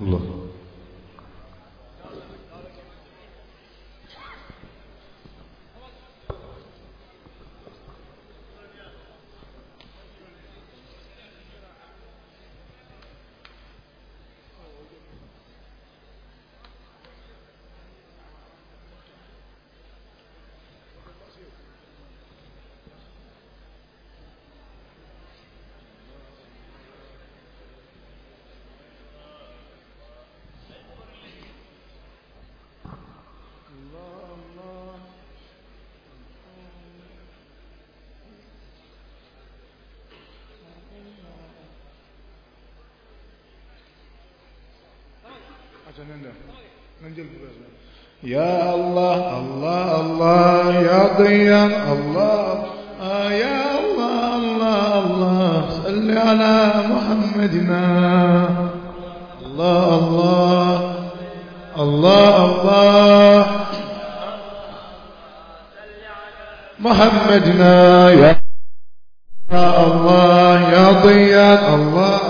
Allah يا الله الله الله يا ضيان الله يا الله الله الله صل على محمدنا الله الله الله الله محمدنا يا الله يا ضيان الله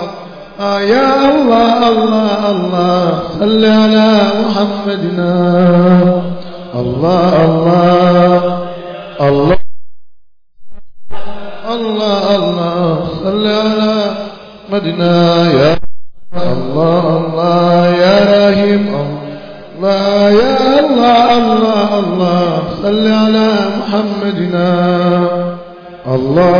يا الله الله الله صل على محمدنا الله الله الله الله الله صل على محمدنا يا الله الله يا رحيم الله يا الله الله الله صل على محمدنا الله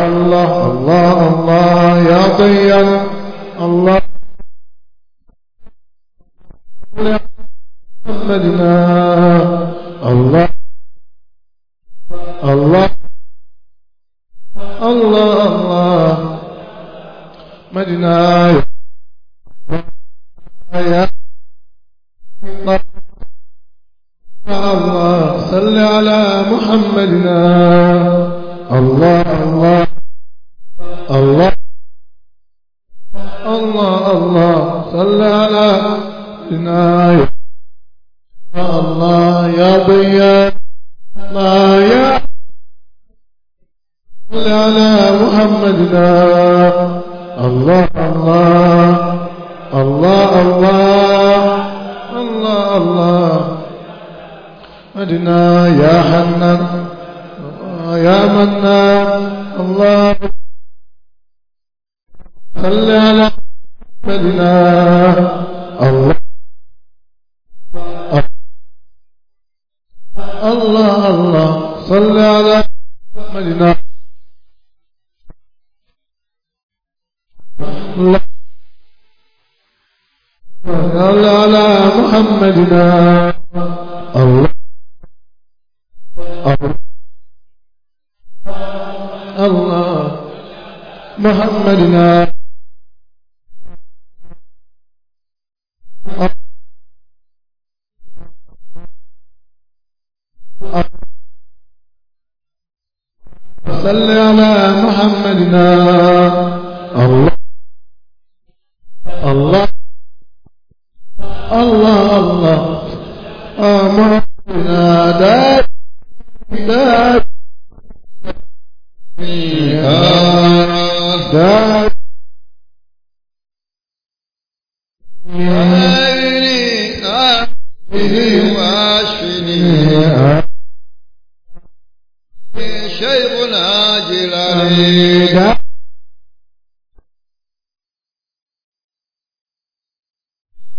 الله الله الله يا طيب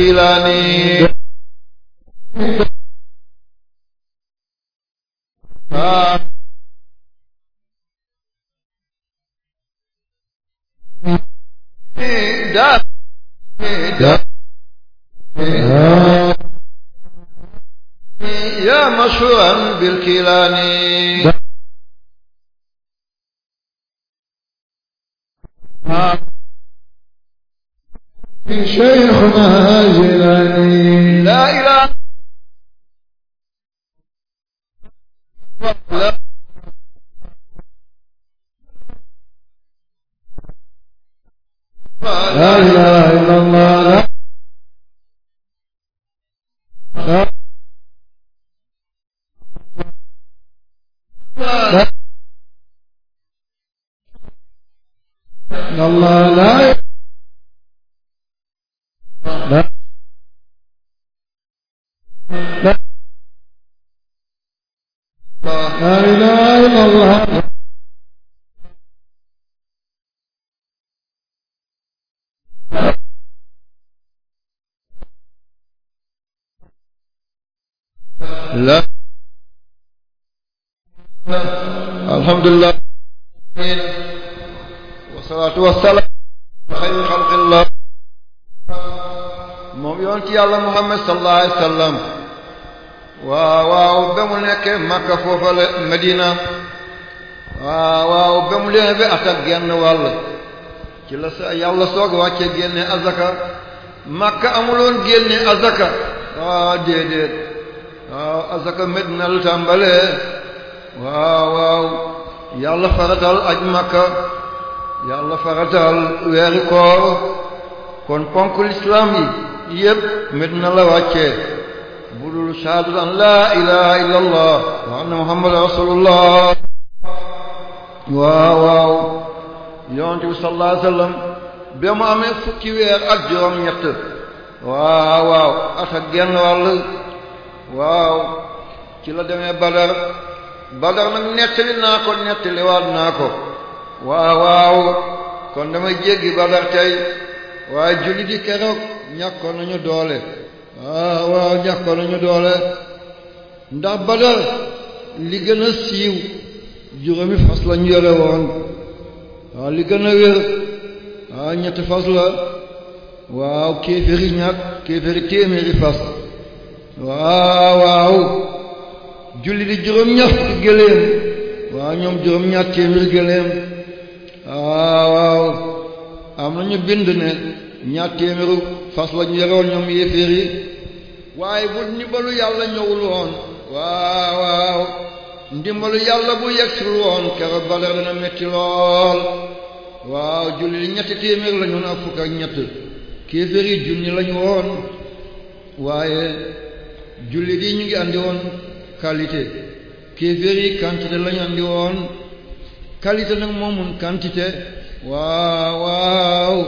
كلاني da da يا مشروعا بالكيلاني la alhamdulillah wa salaatu wa salaam xayri xalqillah moom yoon ci yàlla Muhammad sallallahu alayhi wa sallam waaw waaw ba mu nekkee Makka foofa la Medina waaw waaw ba mu leen bi at ak genn wàll ci la sa yàlla soog wàcce génne azaka Makka amuloon génne azaka waaw déedéet waaw asaka medina lu tàmbalee waaw waaw yàlla faratal aj makka yàlla faratal weeri koor kon ponk lislaam yi yépp medina la wàccee budul saadu an laa ilaha illa wa anna muhammad rasulullah waaw waaw yonent bi sallallahu alayhi amee fukki weer ak juróom ñett waaw waaw ak genn wàll waaw ci la demee Badar Badar nag nettali naa ko nettaliwaat naa ko waaw waaw kon damay jéggi Badar tey waaye julli di keroog ñàkkoon nañu doole waaw waaw ñàkkoon nañu doole ndax Badar li gën a siiw juróomi fas lañu yore woon waaw li gën a wér waaw ñetti fas la waaw kéeféeri ñàkk kéeféeri téeméeri fas waaw waaw julli di juróom-ñaar gëléem waaw ñoom juróom-ñaar téeméer gëléem waaw waaw am nañu bind ne ñaar téeméeru fas la ñu ñoom yéeféer yi waaye bu ndimbalu yàlla ñëwul woon waaw waaw ndimbalu yàlla bu yegsul woon keroog Badar dana metti lool waaw julli di ñetti téeméer la ñu fukk ak ñett kéeféer yi junni la woon waaye jullit yi ñu ngi andi woon qualité kéeféer yi quantité lañu andi woon qualité nag moomun quantité waaw waaw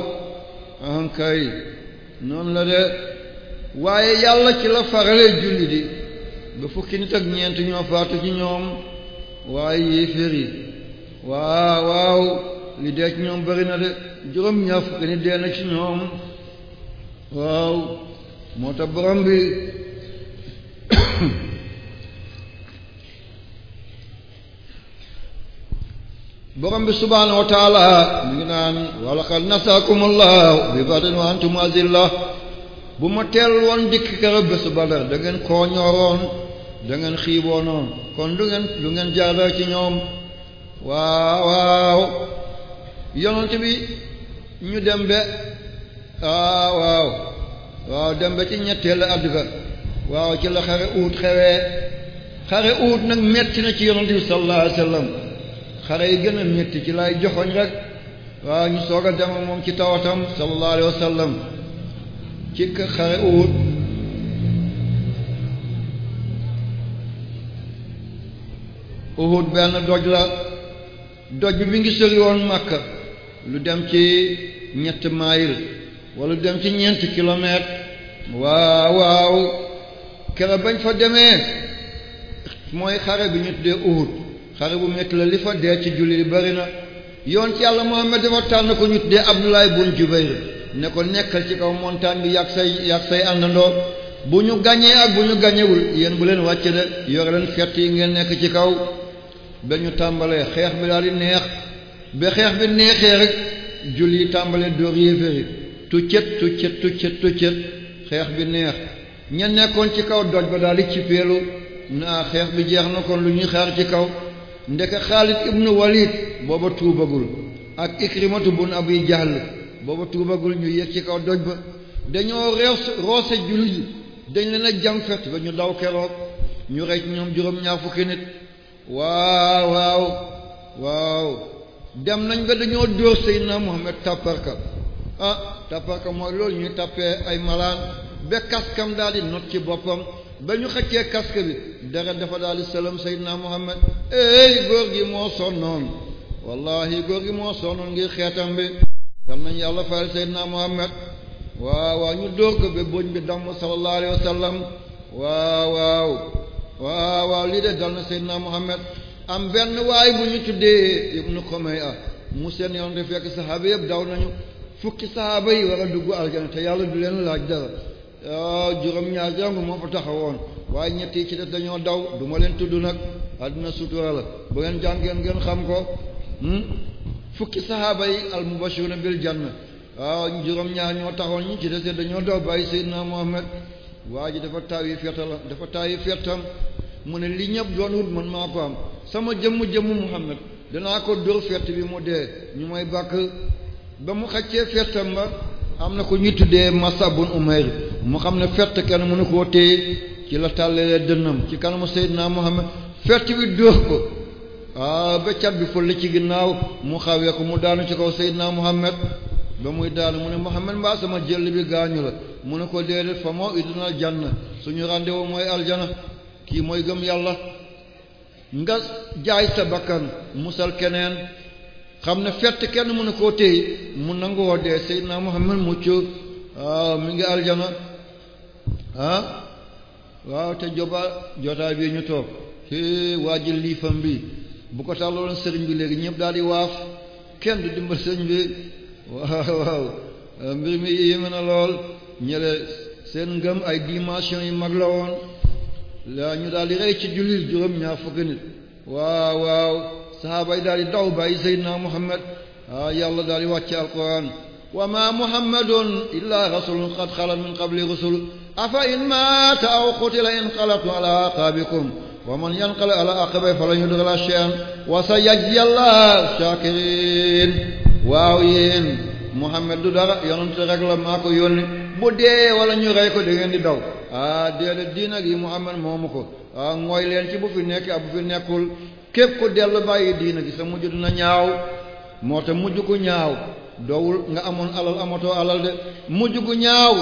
ankay noonu la de waaye yàlla ci la farale jullit yi ba fukki nit ak ñeent ñoo faatu ci ñoom waaye yéeféer yi waaw waaw li dee ci ñoom bari de juróom ñaar fukki nit dee na ci ñoom waaw moo tax borom bi borom bi subhaanahu wa taala mi ngi naan walaqad nasaakumullahu bi badrin wa antum azilla bu ma teel woon dikk keroog bésu Badar da ngeen koo ñoroon da xiiboonoon kon du ngeen du ngeen jaadar ci ñoom waaw waaw yonent bi ñu dem be ah, waaw waaw dem be ci ñetteelu at ga waaw ci la xare uut xewee xare uut nag metti na ci yonent bi sallallahu xare yi gën a metti ci lay joxoñ rek waaw ñu soog a dem moom ci tawatam sallallahu alayhi wa sallam ci xare uut bi mi ngi sori woon Makka lu dem ci ñett mayil wala dem ci ñeent kilomètre waaw waaw kera bañ fa demee mooy xare bi ñu tuddee Uhud xare bu metti la li fa dee ci julli li bari na yoon ci yàlla Muhammad dafa tànn ko ñu tuddee Abdullah bun Jubayr ne ko nekkal ci kaw montagne bi yàgg say yàgg say àndandoo bu ñu gañee ak bu ñu gàññewul yéen bu leen wàcce de yore leen fett yi ngeen nekk ci kaw ba ñu tàmbalee xeex bi daal di neex ba xeex bi neexee rek julli yi tàmbalee dóor yéeféeri tuccet tuccet tuccet tuccet xeex bi neex ña nekkoon ci kaw doj ba daal di ci peelu naa ah, xeex bi jeex na kon lu ñuy xaar ci kaw ndeke Xaalid ibnu Walid booba tuubagul ak Ikrimatu bun Abi Jahl booba tuubagul ñu yéeg ci kaw doj ba dañoo roose roose julli ji dañ leen a jam ba ñu daw keroog ñu rey ñoom juróom-ñaar fukki nit waaw waaw waaw dem nañ ba dañoo dóor Seydina Muhammad tàpparka ah tàpparka mooy loolu ñuy tàppee ay malaan ba kaskam daal not ci boppam ba ñu xëccee kask bi dara dafa daal di sëlëm Seydina Muhammad ey góor gi moo sonnoon wallahi góor gi moo sonnoon ngir xeetam bi yal nañu yàlla fayal Seydina Muhammad waaw waaw wa sallam waaw waaw waaw waaw lii de dal na Seydina Muhammad am benn waay bu ñu tuddee Ibnu Xumayya mu seen yoon te fekk saxaaba yëpp daw nañu fukki saxaaba yi war a dugg aljana te yàlla du leen laaj dara juróom-ñaar dong moo fa taxawoon waaye ñetti yi ci def dañoo daw du ma leen tudd nag àdduna sutura la bu ngeen jàngeen ngeen xam ko hmm? fukki sahaaba yi al mubashiruna bil janna waaw juróom-ñaar ñoo taxawoon ñi ci des dañoo daw bàyyi Seydina Muhammad waa ji dafa taw yi fettal dafa taw yi fettam mu ne li ñëpp doon wut man maa ko sama jëmm jëmmu Muhammad danaa ko dóor fett bi mu dee ñu may bàkk ba mu xaccee fettam ba am na ko ñu tuddee Massa bun Umayr mu xam ne fett mu mënu koo téye ci la tàllalee dënnam ci kanamu Seydina Muhammad fett bi dóor ko ah, ba cat bi fële ci ginnaaw mu xawee ko mu daanu ci kaw Seydina Muhammad ba muy daanu mu ne Muhammad mbaa sama jëll bi gaañu la mu ne ko déedéet fa moo idina janna suñu rendez mooy aljana kii mooy gëm yàlla nga jaay sa bakkan musal keneen xam ne fett kenn mënu koo téye mu nangoo dee Seydina Muhammad mucc waaw mi ngi aljana ah waaw te joba jotaay bii ñu toog é waa ji liifam bi bu ko tàllaloon sëriñ bi léegi ñëpp daal di waaf kenn du dimbal sëriñ bi waaw mbir mi yéeme na lool ñële seen ngëm ay dimension yu mag la woon la ñu daal rey ci jullit juróom ñaar fukki nit waaw waaw saxaaba yi daal di daw bàyyi seydina muhammad yàlla daal di wàcce alquran wa ma muhammadun illa rasulun qad xalat min qabli rusul afa in maata aw qutila inqalabtum ala aqaabikum wa man yanqalib ala aqabe falan yudra shay'an wa sayajzi allah shakirin waaw yéen muhammad du dara yonent rek la maa ko yónni bu dee wala ñu rey ko da ngeen di daw ah déedéet diina gi muhammad moomu ko ah mooy leen ci bu fi nekk ak bu fi nekkul képp ku dellu bàyyi diina gi sa mujj dina ñaaw moo tax mujj gu ñaaw doowul nga amoon alal amatoo alal de mujj ku ñaaw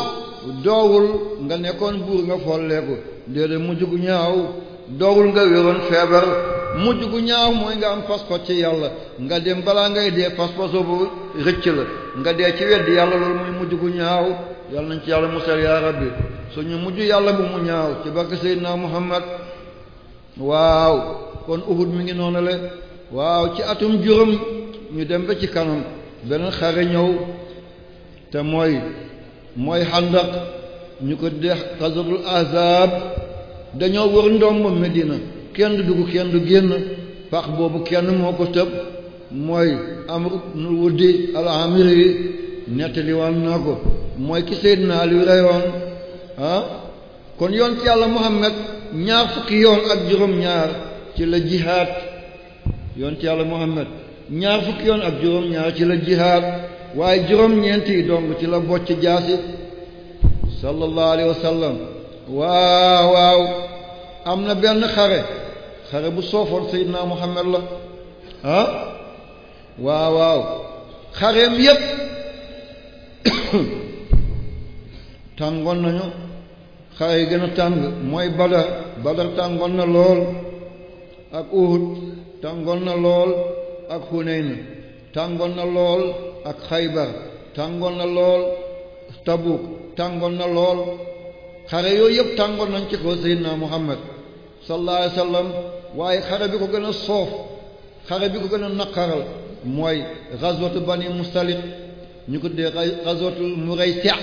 doowul nga nekkoon buur nga folleeku déedéet mujj gu ñaaw doowul nga wéroon feebar mujj gu ñaaw mooy nga am passeport ci yàlla nga dem balaa ngay dee passeport soo bu rëcc la nga dee ci weddi yàlla loolu mooy mujj gu ñaaw yàlla nañ ci yàlla musal yaa rabbi suñu mujj yàlla bu mu ñaaw ci barke Seydina Muhammad waaw kon Uhud mi ngi noonu waaw ci atum juróom ñu dem ba ci kanam beneen xare ñëw te mooy mooy xàndaq ñu ko dex xasatul ahzaab dañoo wër ndomb Medina kenn dugg kenn du génn pax boobu kenn moo ko tëb mooy amru nu wuddi al amiri yi nettali waan ko mooy ki Seydina Ali reyoon ah kon yoon ci yàlla Muhammad ñaar fukki yoon ak juróom ñaar ci la jihaad ci yàlla Muhammad ñaar fukki yoon ak juróom-ñaar ci la jihaad waaye juróom-ñeent yi dong ci la bocc jaasi sallallahu alayhi waaw waaw am na benn xare xare bu soofoon Seydina Muhammad la ah waaw waaw xareem yépp tàngoon nañu xare yi gën a tàng mooy Badar Badar tàngoon na lool ak uhud tàngoon na lool ak xuneyn tàngoon na lool ak xaybar tàngoon na lool tabuk tàngoon na lool xare yooyu yëpp tàngoon nañ ci ko seydina muhammad sallallahu alayhi waaye xare bi ko gën a soof xare bi ko gën a naqaral mooy ghazwatu bani mustalik ñu ko dee ghazwatu muraysi'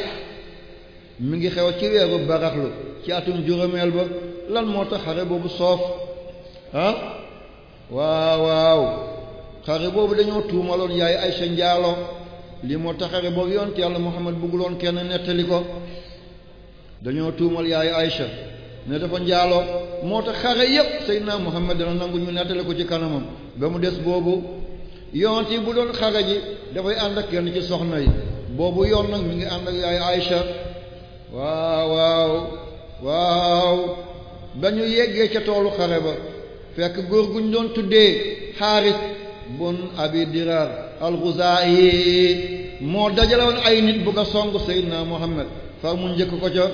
mu ngi xew ci weeru baraxlu ci atum juróomeel ba lan moo tax xare boobu soof ah waaw waaw xare boobu dañoo tuumaloon yaay Aysa njaalo lii moo tax xare boobu yonent yàlla Muhammad bëgguloon kenn nettali ko dañoo tuumal yaay Aysa ne dafa njaaloo moo tax xare yëpp Seydina Muhammad dana nangu ñu nettali ko ci kanamam ba mu des boobu yoon yi bu doon xare ji dafay ànd ak kenn ci soxna yi boobu yoon nag mi ngi ànd ak yaay Aysa waaw waaw waaw dañu yeggee ca toolu xare ba fekk góor gu ñu doon tuddee xaaris bun abi dirar al-Xuzaayi moo dajale woon ay nit bu ko song Seydina Muhammad far mu njëkk ko ca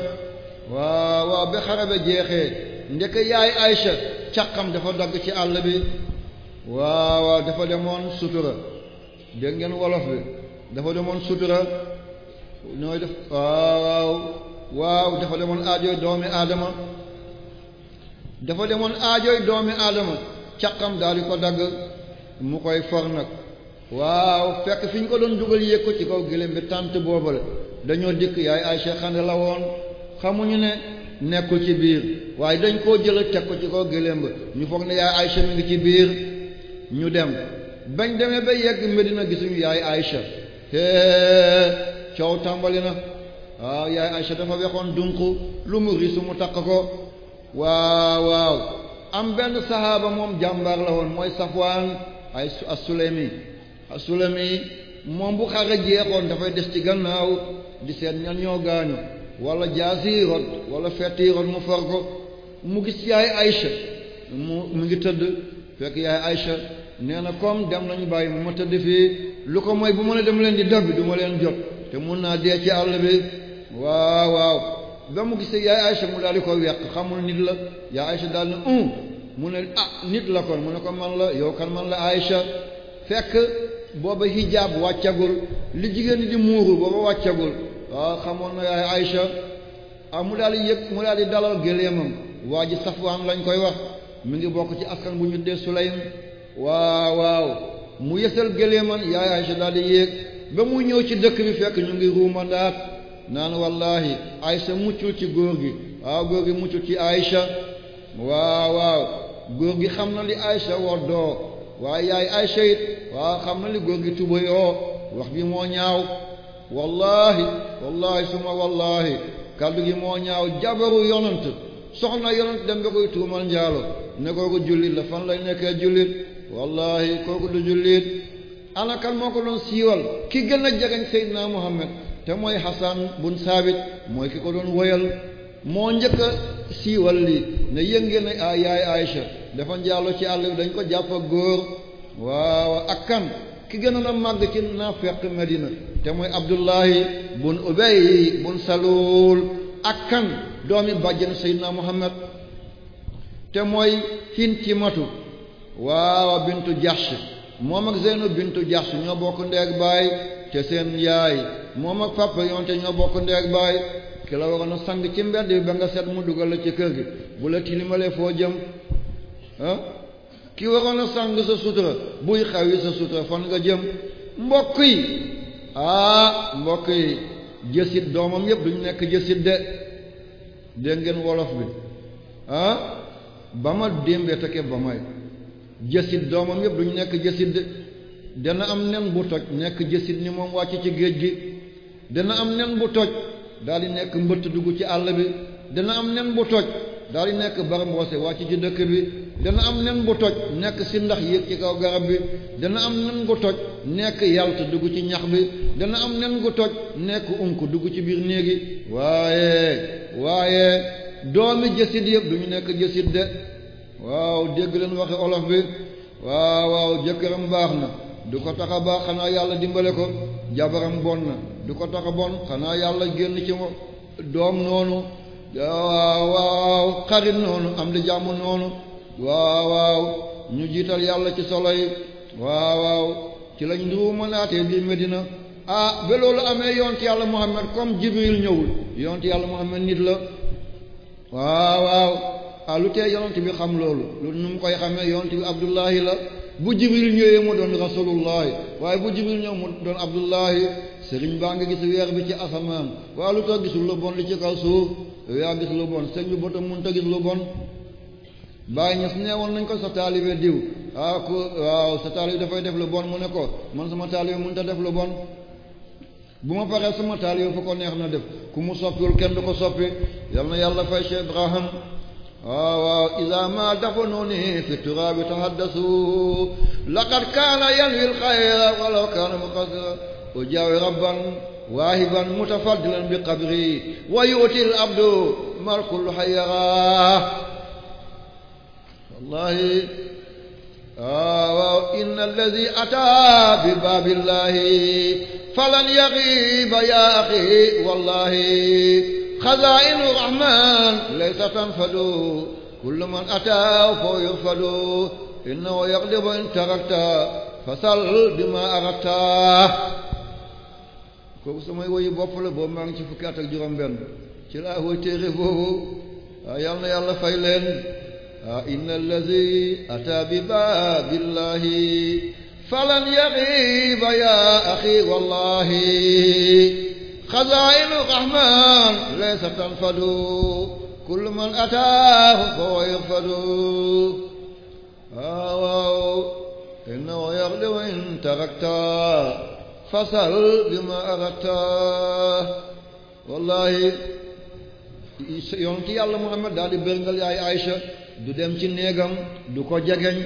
waaw waaw ba xarabe jeexee ndeke yaay Aysa càqam dafa dagg ci àll bi waaw waaw dafa demoon sutura dégg ngeen wolof bi dafa demoon sutura ñooy def waaw waaw dafa demoon aajo doomi aadama dafa demoon aajoy doomi aadama caqam daal di ko dagg mu koy for nag waaw fekk fi ñu ko doon dugal yéeg ko ci kaw gëléem bi tànt booba dañoo dikk yaay ay seexande la woon xamuñu ne nekkul ci biir waaye dañ koo jël teg ko ci kaw gëléem ba ñu foog ne yaay Aysa mi ngi ci biir ñu dem bañ demee ba yegg Medina gisuñu yaay Aysa hee coow tàmbali na waaw yaay Aysa dafa wexoon dunq lu mu risu mu takk ko waaw waaw am benn saxaaba moom jàmbaar la woon mooy Safwaan ay as-Sulami moom bu xare jeexoon dafay des ci gannaaw di seet ñan ñoo gaañu wala jaasi rot wala fetti rot mu for ko mu gis yaay Aïcha mu mu ngi tëdd fekk yaay Aïcha nee na comme dem nañu bàyyi mu ma tëdd fii lu ko mooy bu ma ne dem leen di dog du ma leen jot te mun naa dee ci àll bi waaw waaw ba mu gisee yaay Aysa mu daal di ko weq xamul nit la yaay Aysa daal ne mu ne ah nit la kon mu ne ko man la yow kan man la Aysa fekk booba hijab wàccagul li jigéen di muuru booba wàccagul waaw ah, xamoon na yaay Aysa ah mu daal di yëg mu daal di dalal gëléemam waa ji Safwaan lañ koy wax mu ngi bokk ci askan bu ñu dee Sulaym waaw waaw mu yësal gëléemam yaay Aysa daal yéeg ba mu ñëw ci dëkk bi fekk ñu ngi ruumandaat naan wallahi Aysa muccul ci góor gi waaw góor gi muccul ci Aysa waaw waaw góor gi xam na li Aysa woddoo waaye yaay Aysa it waaw xam na li góor gi tubayoo wax gi moo ñaaw wallahi wallahi suma wallahi kàddu gi moo ñaaw jabaru yonant soxna yonant dem nga koy tuumal njaalo ne kooku jullit la fan lay nekkee jullit wallahi kooku du jullit ana moo ko doon siiwal ki gën a jegeñ Seydina Muhammad te mooy Hassan bun Saabit mooy ki ko doon woyal moo njëkk a siiwal lii ne yëngeen ne ah yaay Aïcha dafa njaallo ci àll bi dañ ko jàpp góor waaw ak kan ki gënoon a màgg ci naafeq Medina te mooy Abdullahi bun Ubay bun Salul ak kan doomi bàjjen Seydina Muhammad te mooy Hintimatu waaw bintu Jahsh moom ak Zeynu bintu Jahsh ñoo bokk ndeeg baay te seen yaay moom ak papa yonte ñoo bokk ndeeg baay ki la waroon a sang ci mbedd bi ba nga set mu dugal la ci kër gi bu la tilimalee foo jëm ah ki waroon a sang sa sutura buy xaw yi sa sutura fan nga jëm mbokk yi ah mbokk yi jësit doomam yëpp duñu nekk jësit de dégg ngeen wolof bi ah, ba ma démbee take ba may jësit doomam yëpp duñu nekk jësit de dana am nen bu toj nekk jësit ni moom wàcc ci géej gi dana am nen bu toj daal di nekk mbëtt dugg ci àll bi dana am nen bu toj daal di nekk baramboose wàcc ci dëkk bi dana am nen bu toj nekk si ndax yéeg ci kaw garab bi dana am nen bu toj nekk yalt dugg ci ñax bi dana am nen bu toj nekk unk dugg ci biir néegi waaye waaye doomi jësit yëpp duñu nekk jësit de waaw dégg leen waxe olof bi waaw waaw jëkkëram baax na du ko tax a baax xanaa yàlla dimbale ko jabaram bon na du ko tax a bon xanaa yàlla génn ci mo doom noonu waaw waaw xarit noonu am di jàmm noonu waaw waaw ñu jiital yàlla ci solo yi waaw waaw ci lañ nduuma naatee bii Medina ah ba loolu amee yont yàlla Muhammad comme Jibril ñëwul yont yàlla Muhammad nit la waaw waaw ah lu tee yonent bi xam loolu lu nu mu koy xamee yonent bi Abdullahi la bu jibril ñëwee mu doon rasulullahi waaye bu jibril ñëw mu doon abdullahi sëriñ baa nga gis weer bi ci asamaan waaye lu tax gisul lu bon li ci kaw suuf yow yaa gis lu bon sëñ bi bëtam mënut a gis lu bon bàyyi ñes nee woon nañ ko sa taalibe diw ah ku waaw sa taalibe dafay def lu bon mu ne ko man sama taalibe mënut a def lu bon bu ma paree sama taalibe fu ko neex na def ku mu soppiwul kenn du ko soppi yal na yàlla fay Cheikh Ibrahim waaw waaw iza ma dafanuni fi turaabi tahaddasu laqad kaana yanwi alxayra walaw kaana muqassira ujaawi rabban waahiban mutafaddilan bi qabri wa yu'ti al-abdu mal kullu xayra wallahi waaw inna alladhi ataa bi baabillahi falan yaxiiba yaa axi wallahi خزائن الرحمن ليس تنفد كل من أتاه فهو يرفد إنه يغلب إن تركت fasal bi ma arata kooku samay woyu bopp la boobu maa ngi ci fukki at ak juróom benn ci laa woy téere boobu a yal na yàlla fay leen a inna allazi ata bi babillahi falan yaxiba ya axi wallahi خزائن الرحمن ليس تنفد كل من أتاه فهو يغفد آواو إنه يغلي وإن تركتا فسل بما أردتا والله yonent yàlla Muhammad daal di bërngal yaay Aysa du dem ci néegam du ko jegeñ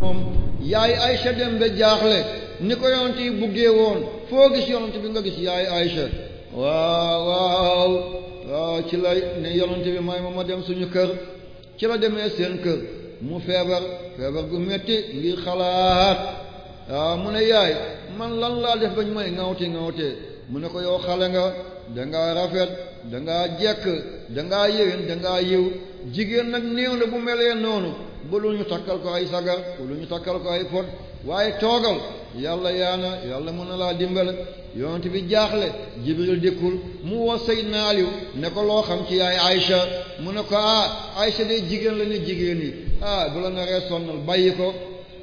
moom yaay Aysa dem ba jaaxle ni ko yonent yi buggee woon foo gis yonent bi nga gis yaay Aysa waaw waaw waaw ci la ne yonent bi may ma dem suñu kër ci la demee seen kër mu feebar feebar gu metti ngir xalaat waaw mu ne yaay man lan laa def bañ may ŋawte ngawte mu ne ko yow xale nga danga rafet dangaa jekk dangaa yéwén dangaa yiw jigéen nag néew na bu melee noonu bu lu ñu takkal ko ay sagar bu lu ñu takkal ko ay pot waaye toogal yàlla yaana yàlla mën na laa dimbale yonent bi jaaxle jibril dikkul mu woo Seydina Ali ne ko loo xam ci yaay Aysa mu na ko ah Aysa de jigéen la ne jigéen yi ah bu la naree sonnal bàyyi ko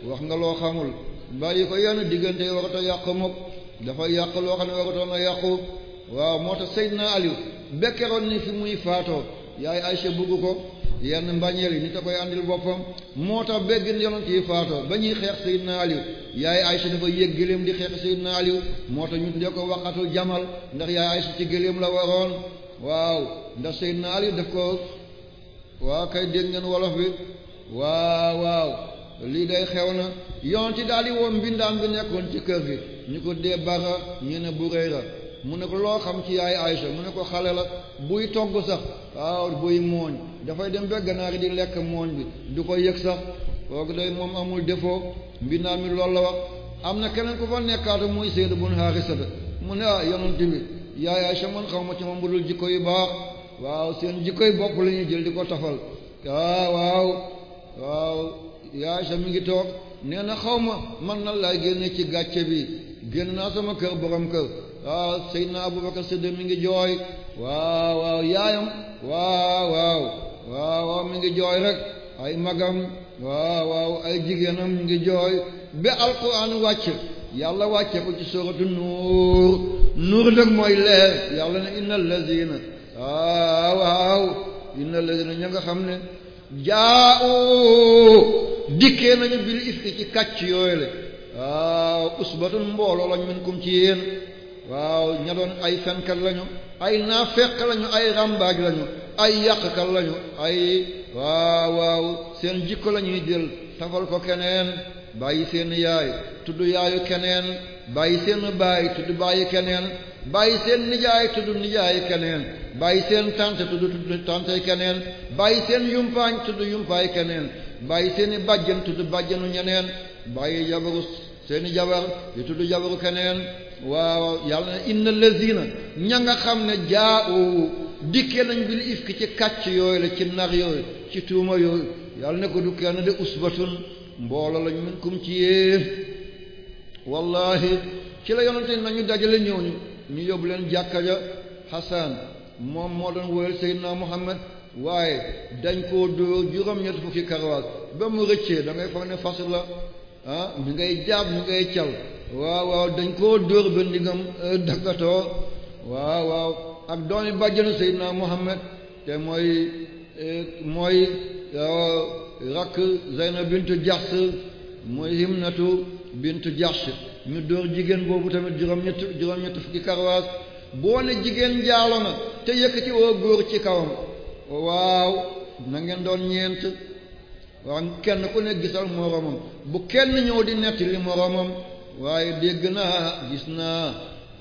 wax nga loo xamul bàyyi ko yenn diggante yi warata yàq mukk dafa yàq loo xam ne waratoon a yàqu waaw moo tax Seydina Ali bekkeroon ni fi muy faatoo yaay Aysa bugg ko yenn mbañeel yi nit a koy andil boppam moo tax béggin yonent yi faatoo ba ñuy xeex Seydina Aliou yaay Aysa dafa yéeg gëléem di xeex Seydina Aliou moo tax ñu tuddee ko waxatul jamal ndax yaay Aysa ci gëléem la waroon waaw ndax Seydina Aliou daf ko waaw kay dégg ngeen wolof bi waaw waaw lii day xew na yoon ci daal woon woo mbindaan bi nekkoon ci kër gi ñu ko dee bara ñu ne Burayra mu ne ko loo xam ci yaay Aysa mu ne ko xale la buy togg sax waaw buy mooñ dafay dem ba ganaar di lekk mooñ bi du ko yëg sax kooku day moom amul défaut mbindaal mi loolu la wax am na keneen ku fa nekkaata muy Zayd bun Haarisata mu ne ah yonent bi yaay Aysa man xaw ma ci moom budul jikko yu baax waaw seen jikko yu bopp la jël di ko tafal ah waaw waaw yaay Aysa mi ngi toog nee na xaw ma man na laay génne ci gàcce bi génn naa sama kër borom kër waaw Seydina Abubakar Siddiq mi ngi jooy waaw waaw yaayam waaw waaw waaw waaw ngi jooy rek ay magam waaw waaw ay jigéenam mi ngi jooy ba alquran wàcc yàlla wàcce ko ci suratu nuur nuur nag mooy leer yàlla ne innal lazina waaw waaw innal lazina ña nga xam ne jaa'u dikkee nañu bil ifki ci kàcc yooyu le waaw usbatun mbooloo lañ minkum ci yéen waaw ña doon ay fenkat lañu ay naafeq lañu ay rambaaj lañu ay yàqkat lañu ay waaw waaw seen jikko lañuy jël tafal ko keneen bàyyi seen yaay tudd yaayu keneen bàyyi seen baay tudd bàyyi keneen bàyyi seen nijaay tudd nijaayu keneen bàyyi seen tante tudd tudd tante keneen bàyyi seen yumpaañ tudd yumpaayu keneen bàyyi seen i bàjjen tudd bàjjenu ñeneen bàyyi jabaru seeni jabar di tudd jabaru keneen waaw yàlla na ne inna lazina ña nga xam ne jaa u dikkee nañ bil ifki ci kàcc yooyu la ci nar yooyu ci tuuma yooyu yàlla ne ko du kenn de usbatun mbooloo lañ min kum ci yéen wallahi ci la yonante nañu dajale ñëw ñu ñu yóbbu leen jàkka ja Hassan moom moo doon wóyal Seydina Muhammad waaye dañ koo dóor juróom-ñett fukki karawaas ba mu rëccee da ngay foog ne la ah ñu ngay jaab ñu ngay caw waaw waaw dañ koo dóor ba ndigam eh, dakkatoo waaw waaw ak doomi bàjjanu Seydina Muhammad te mooy eh, mooy rakk Zeynab bintu Jahsh mooy Himnatu bintu Jahsh ñu dóor jigéen boobu tamit juróom-ñett juróom-ñett fukki karwaas boo ne jigéen jaalo na te yëkkati woo góor ci kawam waaw na doon ñeent waa kenn ku ne gisal moroomam bu kenn ñëw di nettali moroomam waaye dégg naa gis naa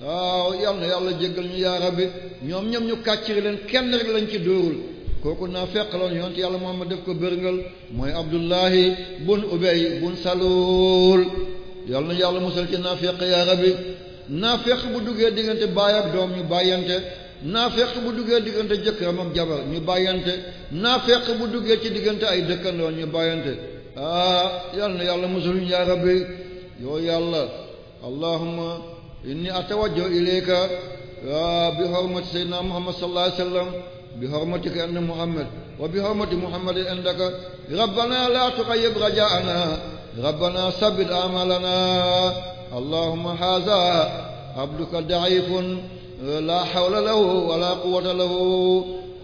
waaw yal na yàlla jéggal ñu yaa rabbi ñoom ñoom ñu kàcc leen kenn rek lañ ci dóorul kooku naa fekk la yonent yàlla moom ma def ko bërngal mooy abdullahi bun ubay bun salul yal na yàlla musal ci naa fekk yaa rabbi naa fekk bu duggee diggante baay ak doom ñu bàyyante naa bu duggee diggante jëkkëram a jabar ñu bàyyante naa fekk bu duggee ci diggante ay dëkkandoo ñu bàyyante ah yal na yàlla musuluñ yaa rabbi yoo yàlla allahumma inni atawajjahu ilayka ah, bi hormati sayyidina muhammad sallallahu alayhi bi hormatika inda muhammad wa bi hormati muhammadin indaka rabbana la tuqayyib rajaana rabbana sabbit amalana allahumma haza abduka da'ifun لا حول له ولا قوة له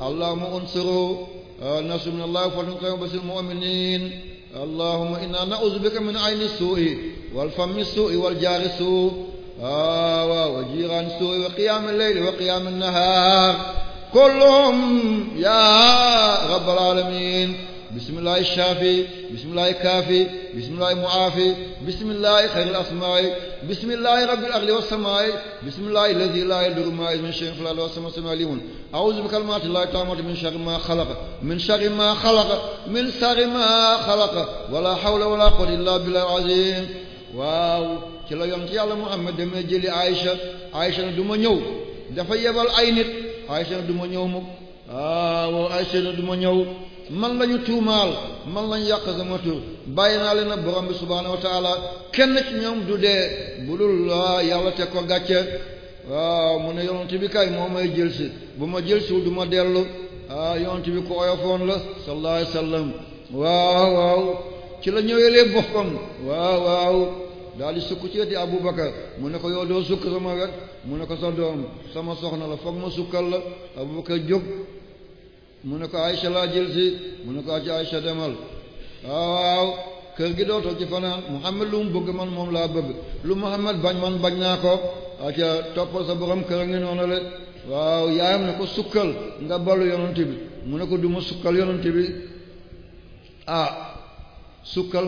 اللهم انصره نصر من الله فلنكرم بس المؤمنين اللهم إنا نعوذ بك من عين السوء والفم السوء والجار السوء آه وجيران السوء وقيام الليل وقيام النهار كلهم يا رب العالمين bisimilahi shaafi bisimilahi kaafi bisimilahi muaafi bisimilahi xayril asmaai bisimilahi rabbil ardi wassamaai bisimilahi lazi laa yadurru maa ismihi shay'un fil ardi wassamaa'i samii'un aliimun a'uuzu bi kalimaatillaahi taammaati min sharri maa xalaqa min sharri maa xalaqa min sharri maa xalaqa wala hawla wala quwwata illaa billaahil aziim waaw ci la yoon ci yàlla Muhammad demee jëli Aïcha Aïcha ne du ma ñëw dafa yebal ay nit Aïcha ne du ma ñëw mukk waaw Aïcha ne du ma ñëw man lañu tuumaal man lañ yàq sama tur bàyyi naa leen ak borom bi subhaanahu wa taala kenn ci ñoom du dee bu dul yàlla teg ko gàcce waaw mu ne yonent bi kay moo may jëlsi bu ma jëlsiwul du ma dellu ah bi ko la sallallahu alayhi wa waaw waaw ci la ñëwelee boppam waaw waaw daal di sukk ci eti Abubakar mu ne ko yow doo sukk sama wet mu ne ko sa doom sama soxna la foog ma sukkal la Abubakar jóg mu ne ko Aysa laa jël si demal waaw kër gi dootoo ci fanaan Muhammad lu mu bëgg man moom laa bëgg lu Muhammad bañ man bañ naa ko aca toppal sa borom kër ngi noonu le waaw yaayam ne ko sukkal nga balu yonent bi mu ne ko du sukkal yonent bi ah,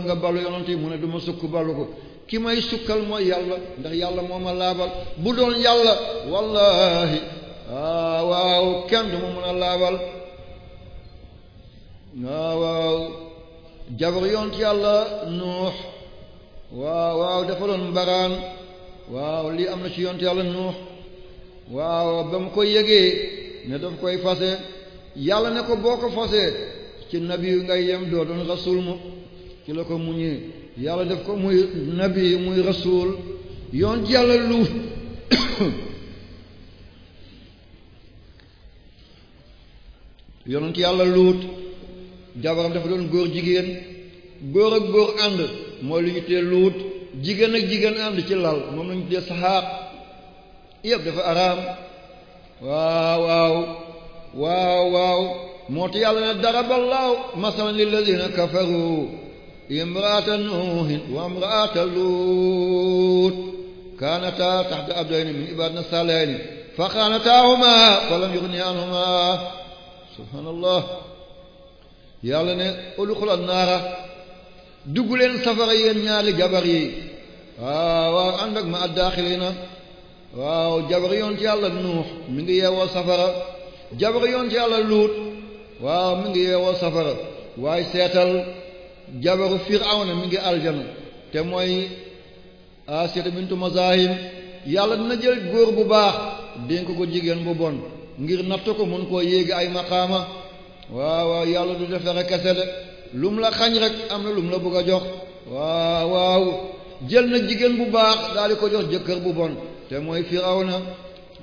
nga balu yonent bi mu sukk balu ko ki may sukkal mooy yàlla ndax yàlla moo ma laabal bu doon yàlla wallahi ah waaw kenn du ma a laabal waaw waaw jabar yont yàlla nuux waaw waaw dafa doon mbaraan waaw lii am na ci yont yàlla nuux waaw ba mu koy yëgee ne daf koy fase yàlla ne ko boo ko fase ci nabiyu ngay yem doo doon rasul mu ci la ko muñee yàlla def ko muy nabi muy rasul yont yàlla luut yonent yàlla luut jabaram dafa doon góor jigéen góor ak góor ànd mooy lu ñu tee luut jigéen ak jigéen ànd ci lal moom la ñu tee saxaar yëpp dafa araam waaw waaw waaw waaw moo te yàlla ne daraballaahu masalan lilladina kafaru imraata nuuhin wa imraata luut kaanataa taxta abdayni min ibaadina salayni fa xaanataahuma fa lam yuxni anhuma subhaanallah yàlla ne uluxula naara dugg leen safara yéen ñaari jabar yi waaw ah, waaw ànd ak ma addaaxilina waaw jabar yoon ci yàlla nuux mi ngi yeewoo safara jabar yoon ci yàlla luut waaw mi ngi yeewoo safara waaye seetal jabaru firawna mi ngi aljana te mooy Asiyatu bintu Mazaahim yàlla dina jël góor bu baax dénk ko jigéen bu bon ngir natt ko mun koo yéegi ay maqaama waaw waaw yàlla du def dara kese de lu la xañ am na lu mu la bëgg a jox waaw waaw jël na jigéen bu baax daal di ko jox jëkkër bu bon te mooy firawna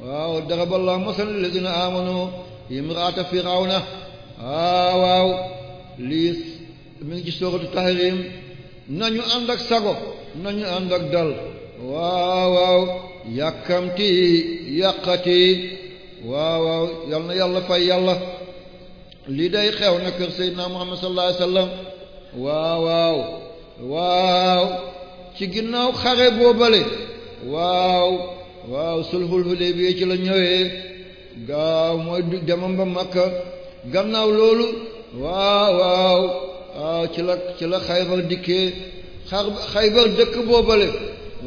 waaw daraballahu masalan lillazina amanu imraata firawna waaw waaw lii mi ngi ci sooratu tahrim nañu ànd ak sago nañu ànd ak dal waaw waaw yàkkamti yàqati waaw waaw yal na yàlla fay yàlla lii day xew na kër Seydina Muhammad sallallahu waaw waaw waaw ci ginnaaw xare boobale waaw waaw sulhul Hudaybiya ci la ñëwee gaaw mooy demam ba Makka gannaaw loolu waaw waaw waaw ci la ci la Xaybar dikkee xar Xaybar dëkk boobale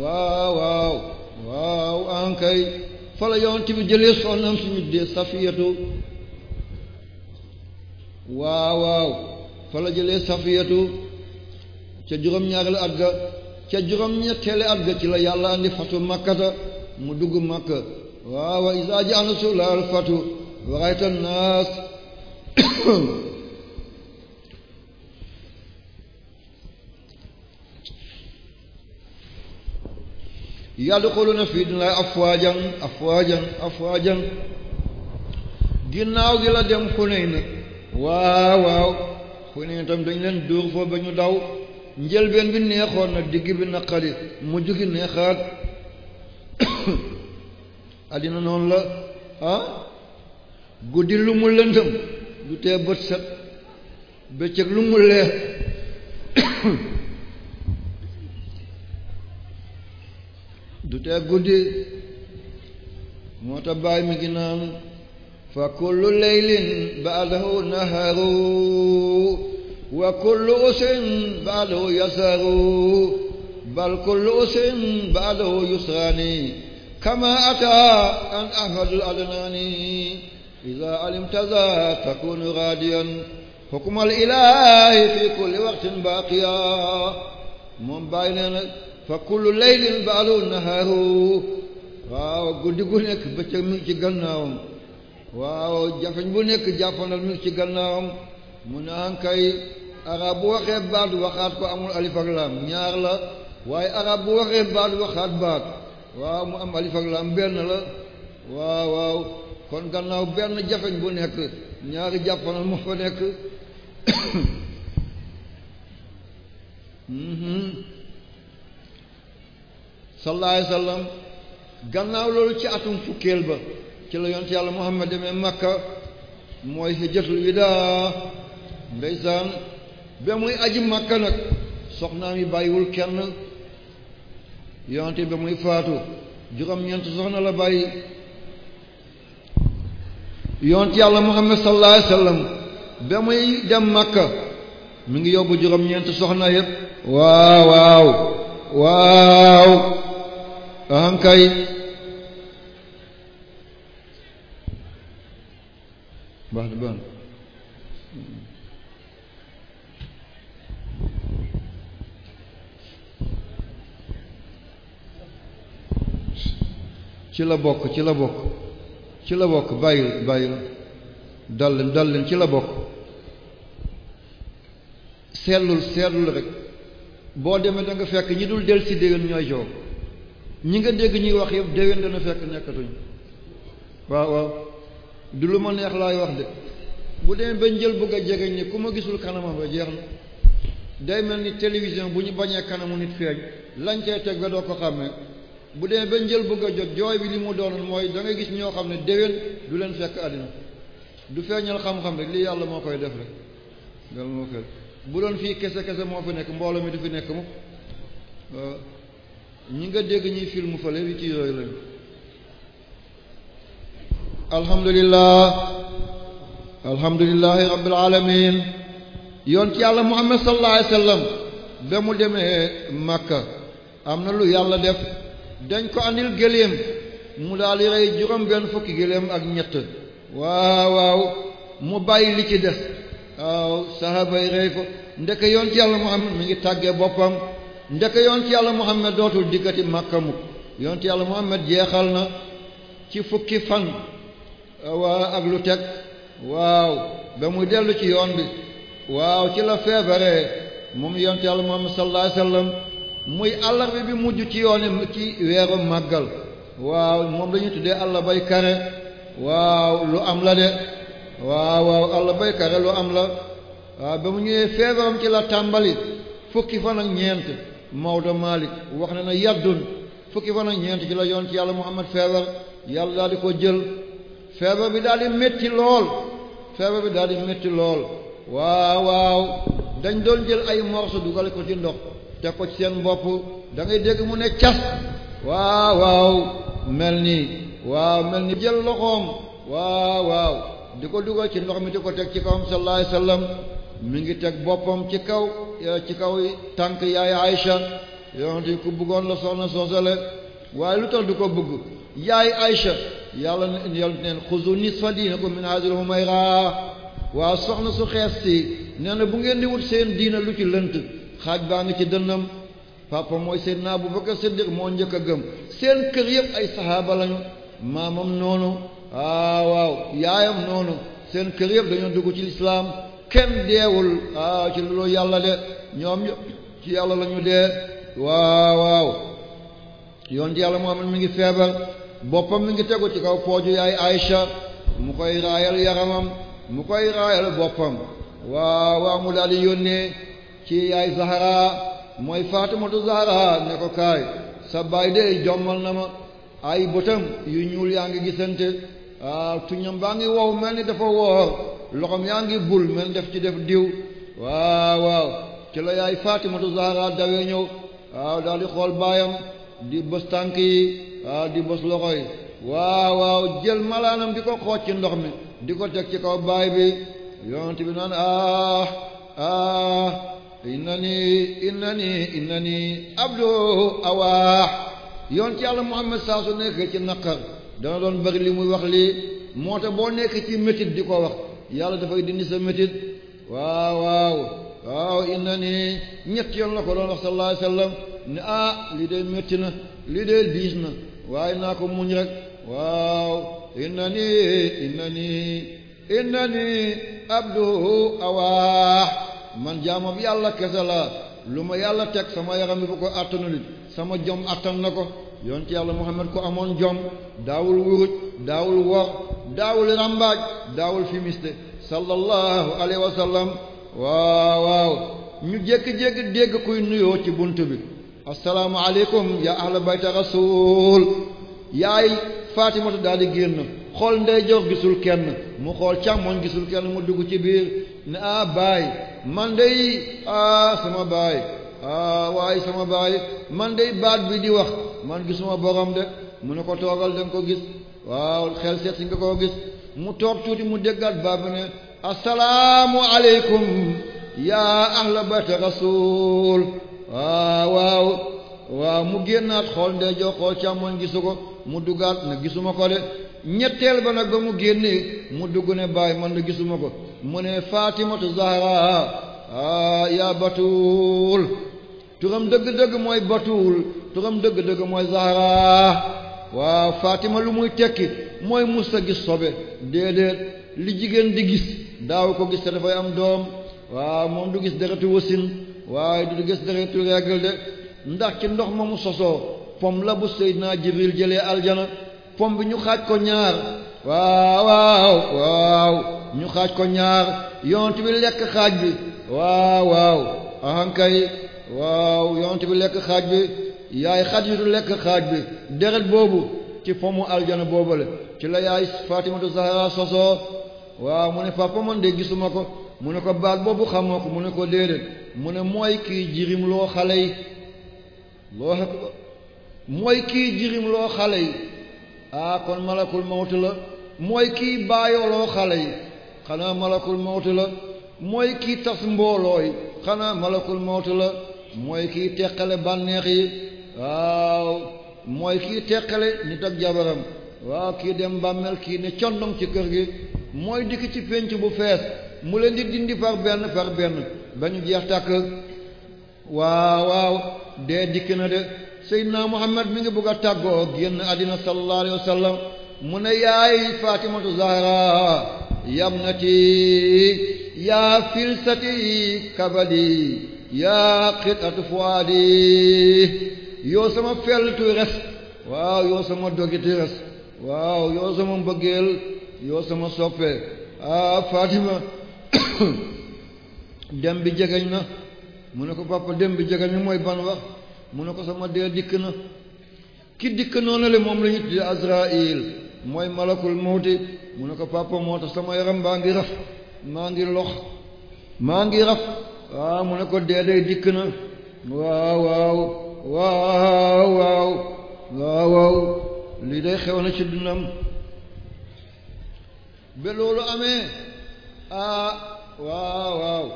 waaw waaw waaw ankay fa la yonent bi jëlee soxnaam suñu dee Safiyatu waaw waaw fa la jëlee safiyatu ca juróom-ñaareelu at ga ca juróom-ñetteelu at ga ci la yàlla andi fatu makkata mu dugg makka waaw wa izaa jaa nasrullahil fatu wa ra'ayta naas yadxuluuna fii diinillaahi afwaajan afwaajan afwaajan ginnaaw gi la dem Xunayn waaw waaw ku ne itam dañ leen dóor foofu ba ñu daw njëlbeen bi neexoon na digg bi naqari mujj gi neexaat addina noonu la ah guddi lu mu lëndëm du tee bët set bëccëg lu mu leer du guddi moo tax baay mi ngi naan fa kullu laylin ba'dahu naharu wa kullu usrin ba'dahu yasaru bal kullu usrin ba'dahu yusrani kama ata an ahadul adnani iza alimta za takunu radiyan hukmal ilahi fi kulli waqtin baqiya moom bàyyi nee na fa kullu laylin ba'dahu naharu waaw guddi gu nekk bëccëg mi ci gannaawam waaw jafeñ bu nekk jàppandal mi ci gannaawam mu naan kay arab bu waxee baat waxaat ko amul alif laam ñaar la waaye araab bu waxee baat waxaat baat waaw mu am alif ak laam benn la waaw waaw kon gannaaw benn jafeñ bu nekk ñaari jàppandal moo fa nekk mm-hmm. sallallahu alayhi gannaaw loolu ci atum fukkeel ba ci la yonent yàlla Muhammad demee Makka mooy hijjatul widaa ndeysaan ba muy aji Makka nag soxnaam yi bàyyiwul kenn yonent ba muy faatu juróom-ñeent soxna la bàyyi yonent yàlla Muhammad sallallahu alayhi wa sallam ba muy dem Makka mu ngi yóbbu juróom-ñeent soxna yëpp waaw waaw waaw ankay بعد بال ci la bokk ci la bokk ci la bokk bàyyil bàyyil dallin dallin ci la bokk seetlul seetlul rek boo demee danga fekk ñi dul del ci déwén ñooy coow ñi nga dégg ñuy wax yëpp déwén dana fekk nekkatuñ waaw waaw du lu ma neex laay wax de bu demee ba njël bëgg a jegeñ ni ku ma gisul kanamam ba jeex na day mel ni télévision bu ñu bañee kanamu nit feeñ lañ cay teg ba doo ko xàmmee bu demee ba njël bëgg a jot jooy bi li mu doon mooy da gis ñoo xam ne déwén du leen fekk àddina du feeñal xam-xam rek li yàlla moo koy def rek yàlla bu doon fii kese kese moo fi nekk mbooloo mi du fi nekk mu ñi nga dégg ñuy film fële li ci yooyu lañu alhamdulilah alhamdulilahi rabbil alamin yoon ci yàlla muhammad sallallahu alayhi wa ba mu demee Makka am na lu yàlla def dañ ko andil gëléem mu daal di rey juróom benn fukki gëléem ak ñett waaw waaw mu bàyyi li ci des waaw sahaba yi rey ko ndeke yoon ci yàlla muhammad mi ngi tàggee boppam ndeke yoon ci yàlla muhammad dootul dikkati Makka mukk yoon ci yàlla muhammad jeexal na ci fukki fan waaw ak lu teg waaw ba mu dellu ci yoon bi waaw ci la feebaree moom yonte yàlla moom sallallahu alayhi muy àllarba bi mujj ci yoon ci weeru màggal waaw moom la tuddee àll bay kare waaw am la de waaw waaw àll am la waaw ba mu ñëwee feebaram fukki fan ak ñeent Maodo Malick wax na na yaddun fukki fan ñeent ci yoon ci yàlla Muhammad feebar yàlla daal di ko jël feebar bi daal di métti lool feebar bi daal di métti lool waaw waaw dañ doon jël ay morso dugal ko ci ndox teg ko ci seen bopp da ngay dégg mu ne cas waaw waaw mel nii waaw mel ni jël loxoom waaw waaw di ko dugal ci ndox mi di ko teg ci kawam sallallahu alayhi mi ngi teg boppam ci kaw eh, ci kaw tànk yaay Aïcha yonent ku bëggoon la soxna soosale waaye lu tax di ko bëgg yaay Aïcha yàlla yàlla neen xuzu nisfa diinakum min hadhihi al-humayra waaw soxna su xees si nee na bu ngeen di wut seen diina lu ci lënt xaaj baa ngi ci dënnam papa mooy Seydina Abubakar Siddiq moo njëkk a gëm seen kër yëpp ay saxaaba lañu maamam noonu ah waaw yaayam noonu seen kër yëpp dañoo dugg ci lislaam kenn deewul ah ci loolu yàlla de ñoom ci yàlla lañu dee waaw waaw yoon yàlla moo am mi ngi feebar boppam mi ngi tegu ci kaw pooju yaay Aïcha mu koy raayal yaramam mu koy raayal boppam waaw waaw mu daal di yónnee ci yaay Zahra mooy Faatimatu Zahra ne ko kaay sa baay de jommal na ma ay bëtam yu ñuul yaa ngi gisante waaw tuñam baa ngi wow mel ni dafa woor loxom yaa ngi bul mel def ci def diw waaw waaw ci la yaay Faatimatu Zahra dawee ñëw waaw daal xool baayam di bës tànk yi waaw di bos loxo yi waaw waaw jël malaanam di ko xooj ci ndox mi di ko teg ci kaw baay bi yonent bi naan ah ah inna nii inna nii inna nii abdu awaax yoon ci yàlla Muhammad saa su nekk ci naqar dana doon bëri li muy wax lii moo tax boo nekk ci métit di ko wax yàlla dafay dindi sa métit waaw waaw waaw inna nii ñett yoon la ko doon wax sallallahu alayhi ne ah lii dee métti na lii dee diis na waaye naa ko muñ rek waaw inna ni inna ni inna ni man jaamam yàlla kese la lu ma yàlla teg sama yaram bi bu ko àttanul sama jom àttan na ko yonent yàlla Muhammad ko amoon jom daawul wuruj daawul wor daawul rambaaj daawul fimiste sallallahu alayhi wa sallam waaw waaw ñu jékki-jékki dégg kuy nuyoo ci bunt bi assalaamu aleykum yaa ahla bayta rasul yaay Faatimatu daal di génn xool ndeyjoor gisul kenn mu xool càmmoñ gisul kenn mu dugg ci biir ne ah baay man dey ah sama baay ah waaye sama baay man dey baat bi di wax man gisuma borom de mu ne ko toogal da ko gis waaw xel seet si nga koo gis mu toog tuuti mu déggaat baat bi ne assalaamu aleykum yaa ahla bayta rasul Ah, waaw waaw mu génn génnaat xool ndey joo xool càmmoñ gisu ko mu duggaat na gisuma ko de ñetteel ba nag ba mu génnee mu dugg ne bàyyi man de gisuma ko mu ne Fatimatu Zahra ah yaa batuul turam dëgg-dëgg mooy batuul turam dëgg-dëgg mooy Zahra waaw Fatima lu muy tekki mooy musta gis sobe déedéet li jigéen di gis daaw ko gis te dafay am doom waaw moom du gis deretu wasin waaye du gis deretu règle de ndax ci ndox moomu sosoo pom la bu Seydina Jibril jëlee aljana pom bi ñu xaaj ko ñaar waaw waaw ñu xaaj ko ñaar yont bi lekk xaaj bi waaw waaw ahankay waaw yont bi lekk xaaj bi yaay Xadiijatu lekk xaaj bi deret boobu ci pomu aljana boobale ci la yaay Faatimatu Zahra sosoo waaw mu ne papa man de gisuma ko mu ne ko baat boobu xamoo ko mu ne ko déedéet mu ne mooy kii jirim loo xale yi loo mooy kii jirim loo xale yi ah kon malakul mawt la mooy kii baayoo xale yi xanaa malakul mawt la mooy kii tas mbooloo yi xanaa malakul mawt la mooy kii teqale bànneex yi waaw mooy kii teqale nit ak jabaram waaw kii dem bàmmeel kii ne condong ci kër gi mooy dikk ci pénc bu fees mu leen di dindi par benn par benn ba ñu jeex tàkk waaw waaw dee dikk na de Seydina Muhammad mi ngi bëgg a tàggoo génn àddina sallallahu alayhi mu ne yaay Fatimatu Zahra yabnati yaa filsati kabadi yaa qitatu fuadi yoo sama feltu res waaw yoo sama dogiti res waaw yoo sama mbëggeel yoo sama soppe ah dem bi jegeñ na mu ne ko papa dem bi jegeñ na mooy ban wax mu ne ko sama dee dikk na ki dikk noonu le moom la ñu tuddee mooy malakul mawti mu ne ko papa moo tax sama yaram baa ngi raf maa ngi lox maa ngi raf waaw mu ne ko dee day dikk na waaw waaw waaw waaw waaw day xew na ci dunam ba loolu amee ah waaw waaw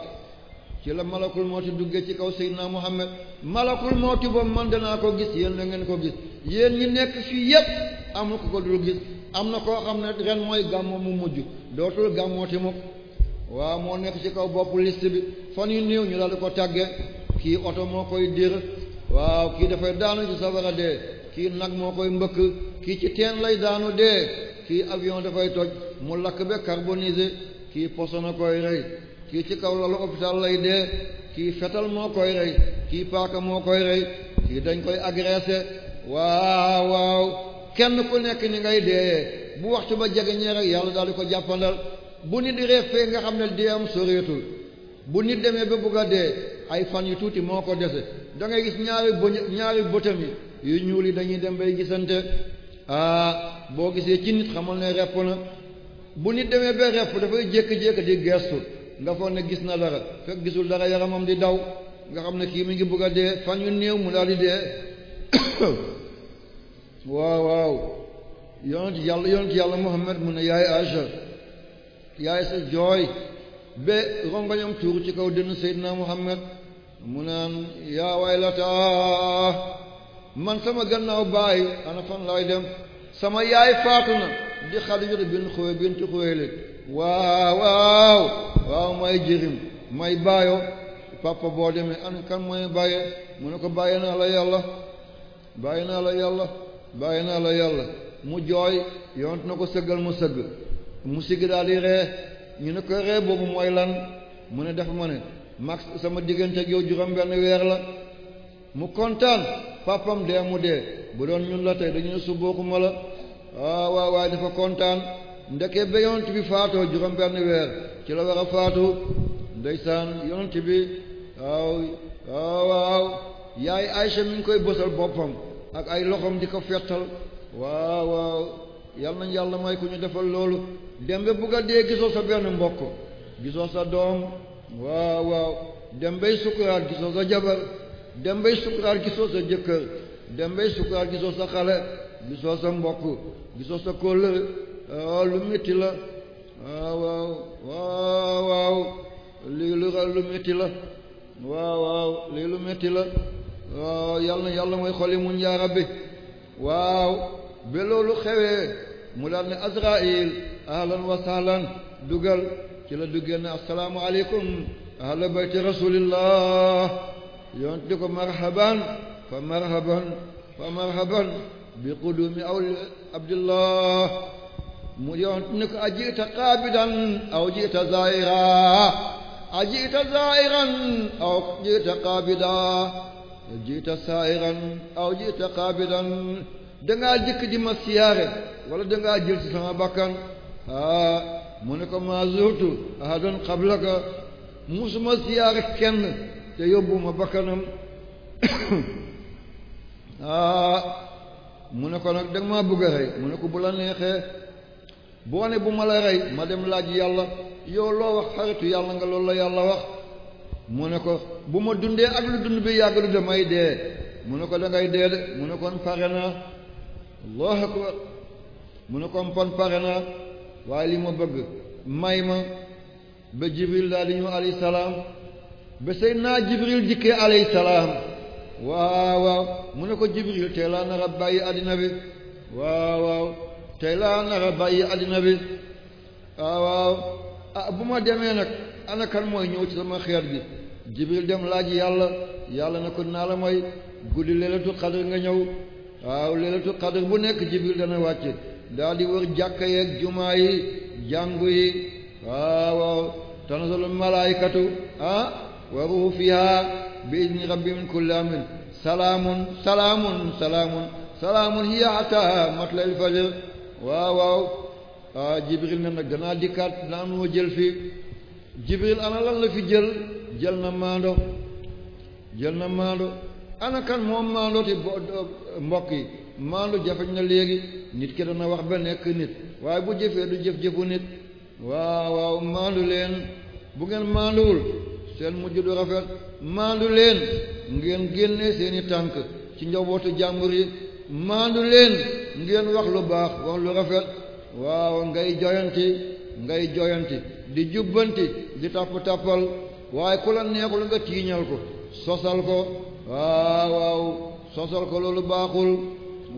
ci la malakul mawti duggee ci kaw Seydina Muhammad malakul mawti boobu man danaa ko gis yéen da ngeen ko gis yéen ñi nekk fii yépp amul ko ko dul gis am na koo xam ne ren mooy gàmm mu mujj dootul gàmmooti mukk waaw moo nekk ci kaw bopp list bi fan yu néew ñu daal di ko tàggee kii oto moo koy dir waaw kii dafay daanu ci safara dee kii nag moo koy mbëkk kii ci teen lay daanu dee kii avion dafay toj mu lakk be carbonisé kii posona koy rey kii ci kaw lalu hôpital lay dee kii fetal moo koy rey kii paaka moo koy rey kii dañ koy agressé waaw waaw kenn ku nekk ni ngay deeyee bu waxtu ba jege ñee rek yàlla daal di ko jàppandal bu nit reefee nga xam ne dee am soreetul bu nit demee ba bugg a dee ay fan yu tuuti moo ko dese dangay ngay gis ñaari bëñ ñaari bëtam yu ñuul yi dañuy dem bay gisante ah boo gisee ci nit xamal ne repp na bu nit demee ba repp dafay jékki-jékki di gestu nga foog ne gis na dara fekk gisul dara yaramam di daw nga xam ne kii mi ngi bëgg a dee fan yu néew mu daal di dee waaw waaw yonent yàlla yonent yàlla Muhammad mu ne yaay yaay sa jooy ba rongañam ci kaw dënn Seydina Muhammad mu naan yaa waylataa man sama gannaaw baay ana fan dem sama yaay faatu na di Xadiija bint Xuwaylid bint Xuwaylid waaw waaw waaw may jirim may baayo papa boo demee an kan mooy bàyyee mu ne ko bàyyi naa la yàlla bàyyi naa la yàlla bàyyi naa la mu jooy yonent na ko sëggal mu sëgg mu siggi daal di ree ñu ne ko ree boobu mooy lan mu ne def ma ne mag sama diggante ak yow juróom benn weer la mu kontaan papam dee mu dee bu doon ñun la tey dañu ne su bokkuma la ah waaw waaye dafa kontaan ndeke ba yonent bi faatoo juróom benn weer ci la war a faatu ndeysaan yonent bi waaw waaw yaay Aysa mi ngi koy bësal boppam ak ay loxoom di ko fettal waaw waaw yal nañ yàlla may ku ñu defal loolu dem ba bugg a dee gisoo sa benn mbokk gisoo sa doom waaw waaw dem bay sukuraat gisoo sa jabar dem bay sukuraat gisoo sa jëkkër dem bay sukuraat gisoo sa xale gisoo sa mbokk gisoo sa lu métti la waaw waaw la lu métti la waaw mooy xoli muñ yaa rabbi waaw ba xewee mu daal ne Azraïl ahlan wa sahlan dugal ci la duggee aleykum ahla bayti rasulillah yonent di marhaban fa marhaban bi qudumi aw abdullah mu yonent ni ko ajita qaabidan aw jita zaira ajita zairan aw jita qaabida jita sairan aw jita qaabidan dangaa dikk di ma siyaare wala dangaa jël ci sama bakkan aa mu ne ko ma zurtu ahadan qablaka musuma siyaare kenn te yóbbu ma bakkanam aa mu ne ko nag da nga bëgg a rey mu ne ko bu la neexee boo ne bu ma la rey ma dem laaj yàlla yow loo wax xaritu yàlla nga loolu la yàlla wax mu ne ko bu ma dundee ak lu dund bi yàgg lu damay dee mu ne ko da ngay dee de mu ne kon pare naa allahu akbar mu ne kon pon pare naa waaye li ma bëgg may ma ba jibril daal di ñëw alayhi salaam ba sëy naa jibril jikkee alayhi salaam waaw waaw mu ne ko Jibril tey laa nar bàyyi àddina bi waaw waaw tey laa nar bàyyi àddina bi waaw waaw ah bu ma demee nag anakan mooy ñëw ci sama xeet bi Jibril dem laaj yàlla yàlla na ko naa la mooy guddi leelatu xadr nga ñëw waaw leelatu xadr bu nekk Jibril dana wàcc daal di wër jàkka yeeg jumaa yi jàngu yi waaw waaw tanazalul malaayikatu ah waruhu bi idni rabbihim kullu amrin salaamun salaamun salaamun salaamun hiya hatta matla'il fajr waaw waaw ah Jibril ne nag danaa na am noo jël Jibril ana lan fi jël jël na maando jël na maando ana kan moom maando te mbokk yi maando jafeñ na léegi nit ki dana wax ba nekk nit waaye bu jëfee du jëf-jëfu nit waaw waaw maandu leen bu ngeen maanduwul seen mujj du rafet maandu leen ngeen génnee seeni tànk ci njabootu jàmbur yi maandu leen ngeen wax lu baax wax lu rafet waaw ngay joyanti ngay joyanti di jubbanti di tàpp-tàppal waaye ku la neexul nga tiiñal ko sosal ko waaw waaw sosal ko loolu baaxul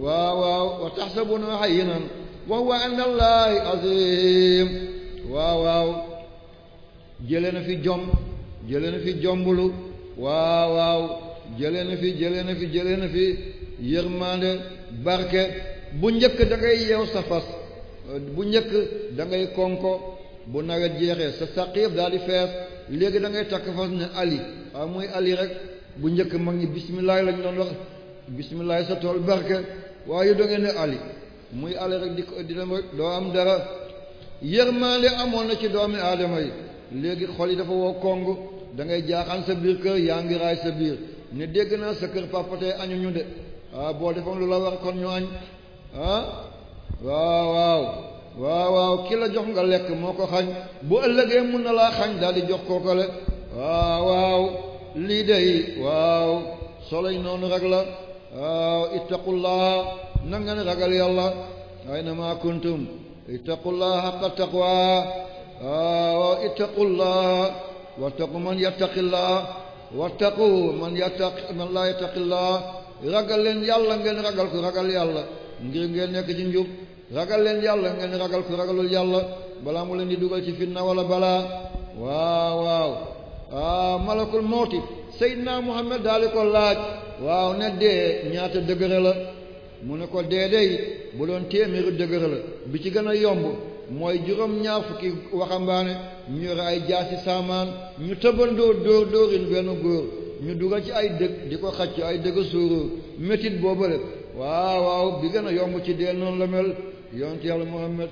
waaw waaw wa tahsabunahu hayyinan wa huwa 'inda Allahi azim waaw waaw jëlee na fi jom jëlee na fi jombulu waaw waaw jëlee na fi jëlee na fi jëlee na fi barke bu njëkk dangay ngay yeew sa fas bu njëkk dangay konko bu nawet jeexee sa saqiif daal di fees léegi da ngay takk fas ne ali waaw muy ali rek bu njëkk mag ñi bisimilah lañ doon wax bisimilah sa tool barke waaye da ngeen ne ali muy ali rek di doo am dara yërmande amoon na ci doomi aadama yi léegi xol yi dafa woo kongu dangay ngay jaaxaan sa biir kër yaa ngi raay sa biir ne dégg naa sa kër papa añu ñu de ah boo defoon lu la war kon ñu añ ah? waaw waaw waaw waaw ki la jox nga lekk moo ko xañ bu ëllëgee mun na laa xañ daal di jox kooko waaw waaw lii dey waaw soloy noonu rek la waaw ittaqullaha na ngeen ragal yàlla ayna ma kuntum ittaqullaha haqqa taqwa waaw ittaqullaha wattaqu man yattaqillaa wattaqu man yattaq man laa yattaqillaa ragal leen yàlla ngeen ragal ku ragal yàlla ngir ngeen nekk ci njub ragal leen yàlla ngeen ragal ku ragalul yàlla balaa mu leen di dugal ci fitna wala balaa waaw waaw ah malakul mawti Seydina Muhammad daal di ko laaj waaw ne ñaata dëgëra la mu ne ko dee dey bu doon téeméeri dëgëra la bi ci gën a yomb mooy juróom ñaar fukki waxambaane ñu yore ay jaasi saamaan ñu tëbandoo dóor dóorin benn góor ñu dugal ci ay dëkk di ko xacc ay dëgg sóoróor métit boobale waaw waaw bi gën a yomb ci dee noonu la mel yonent yàlla Muhammad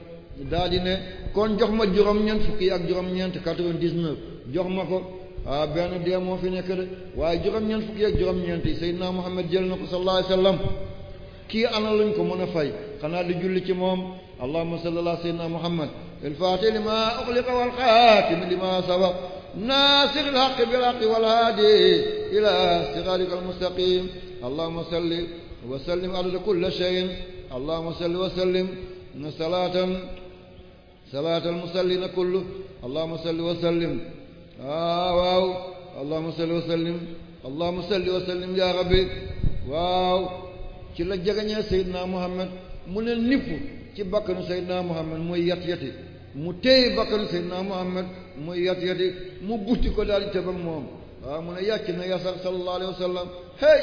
daal di ne kon jox ma juróom-ñeent fukki ak juróom-ñeent vingt dix jox ma ko ah benn dee moo fi nekk de waaye juróom-ñeent fukki ak juróom-ñeent yi Seydina Muhammad jël na ko sallallahu alayhi wasallam kii ana lañ ko mën a fay اللهم صل على سيدنا محمد الفاتح لما أغلق والخاتم لما سبق ناصر الحق بالحق والهادي إلى صراطك المستقيم اللهم صل وسلم على كل شيء اللهم صل وسلم صلاة صلاة المصلين كله اللهم صل وسلم آه واو اللهم صل وسلم اللهم صل وسلم يا ربي waaw ci la jegañee Seydina Muhammad mu ne nipp ci bakkanu Seydina Muhammad muy yat mu téye bakkanu Seydina Muhammad muy yat mu butti ko daal di tëbak moom waaw mu ne yàcc na yasar sallallahu alayhi wa sallam hey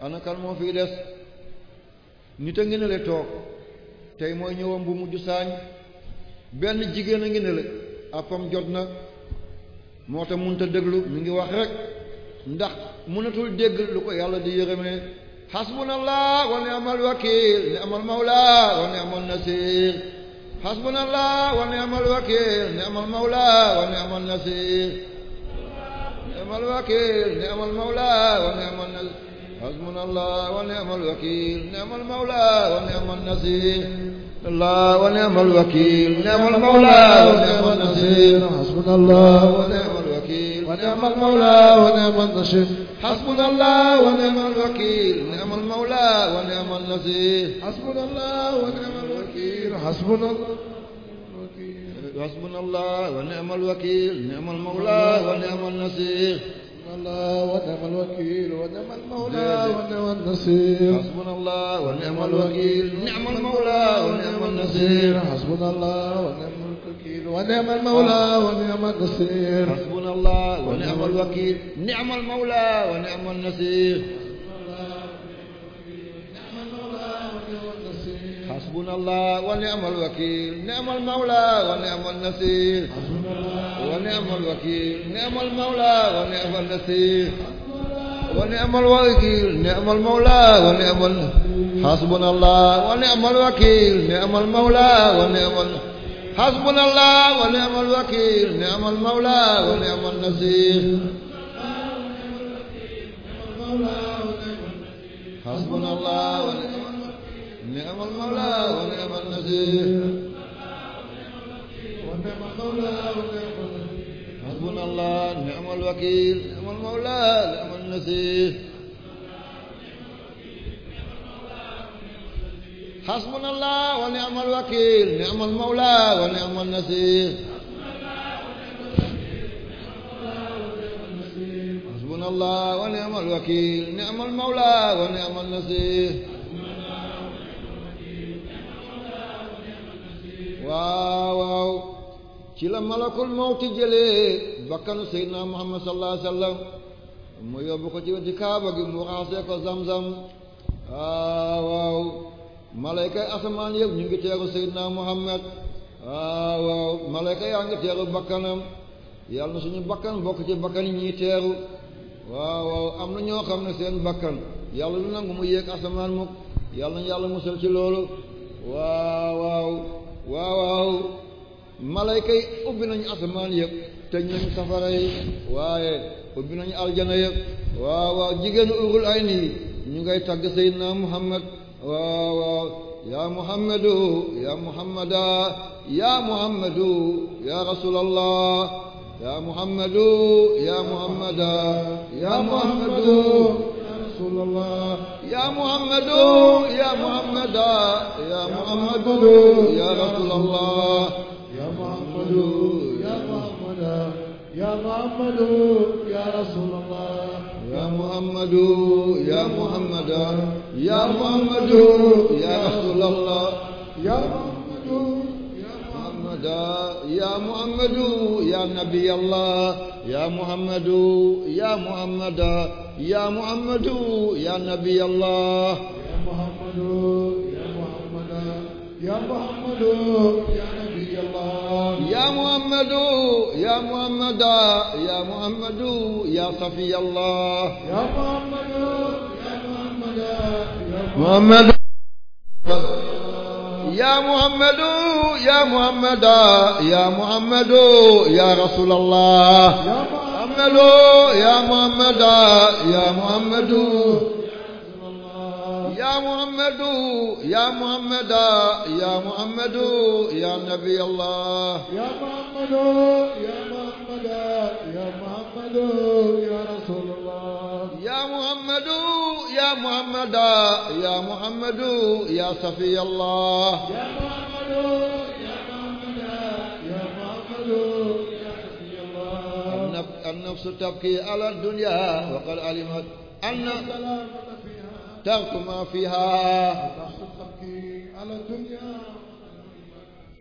ana moo fii des nit a ngi ne le toog tey mooy ñëwam bu mujj saañ benn jigéen a ngi ne le appam jot na moo tax mënut a déglu mi ngi wax rek ndax mënatul dégg lu ko yàlla di yërëmee حسبنا الله ونعم الوكيل نعم المولى ونعم النصير حسبنا الله ونعم الوكيل نعم المولى ونعم النصير نعم الوكيل نعم المولى ونعم النصير حسبنا الله ونعم الوكيل نعم المولى ونعم النصير الله ونعم الوكيل نعم المولى ونعم النصير حسبنا الله ونعم الوكيل ونعم المولى ونعم النصير حسبنا الله ونعم الوكيل نعم المولى ونعم النصير حسبنا الله ونعم الوكيل حسبنا الله حسبنا الله ونعم الوكيل نعم المولى ونعم النصير الله ونعم الوكيل ونعم المولى ونعم النصير حسبنا الله ونعم الوكيل نعم المولى ونعم النصير حسبنا الله ونعم ونعم المولى ونعم النصير حسبنا الله ونعم الوكيل نعم المولى ونعم النصير حسبنا الله ونعم الوكيل نعم المولى ونعم النصير ونعم الوكيل نعم المولى ونعم النصير ونعم الوكيل نعم المولى ونعم حسبنا الله ونعم الوكيل نعم المولى ونعم النصير حسبنا الله ونعم الوكيل نعم المولى ونعم النصير حسبنا الله ونعم نعم المولى ونعم النصير ونعم المولى ونعم النصير حسبنا الله نعم الوكيل نعم المولى نعم النصير hasbunallah wa ni'mal wakil ni'mal mawla wa ni'mal nasir hasbunallah wa ni'mal wakil ni'mal mawla wa ni'mal nasir waaw waaw ci la malakul mawti jëlee bakkanu seydina muhammad sallallahu alayhi wasallam mu yóbbu ko ci weti kaaba gi mu raxasee ko zamzam waaw waaw malayka yi asamaan yëpp ñu ngi teeru seydina muhammad ah, waaw waaw malayka yaa ngi teeru bakkanam yàlla na suñu bakkan bokk ci bakkan ñii teeru waaw waaw am na ñoo xam ne seen bakkan yàlla lu nangu mu yéeg asamaan mukk yàlla na yàlla musal ci loolu waaw waaw waaw waaw malayka yi ubbi nañu asamaan yëpp tëj nañu safara yi waaye ubbi nañu aljana yëpp waaw waaw jigéenu urul ay nii ñu ngay tagg seydina muhammad waaw waaw yaa muhammadu yaa muhammada yaa muhammadu yaa rasulallah yaa muhammadu yaa muhammada yaa muhammadu yaa rasulallah yaa muhammadu yaa muhammada yaa muhammadu yaa rasulallah yaa muhammadu يا محمد يا رسول الله يا محمد يا محمد يا محمد يا رسول الله يا محمد يا محمد يا نبي الله يا محمد يا محمد يا محمد يا نبي الله يا محمد يا محمد يا محمد يا نبي يا محمد يا محمد يا محمد يا صفي الله يا محمد يا محمد محمد يا محمد يا محمد يا محمد يا رسول الله يا محمد يا محمد يا محمد يا محمد يا محمد يا محمد يا نبي الله يا محمد يا محمد يا محمد يا رسول الله يا محمد يا محمد يا محمد يا صفي الله يا محمد يا محمد يا محمد يا صفي الله النفس تبكي على الدنيا وقد علمت أن ترك ما فيها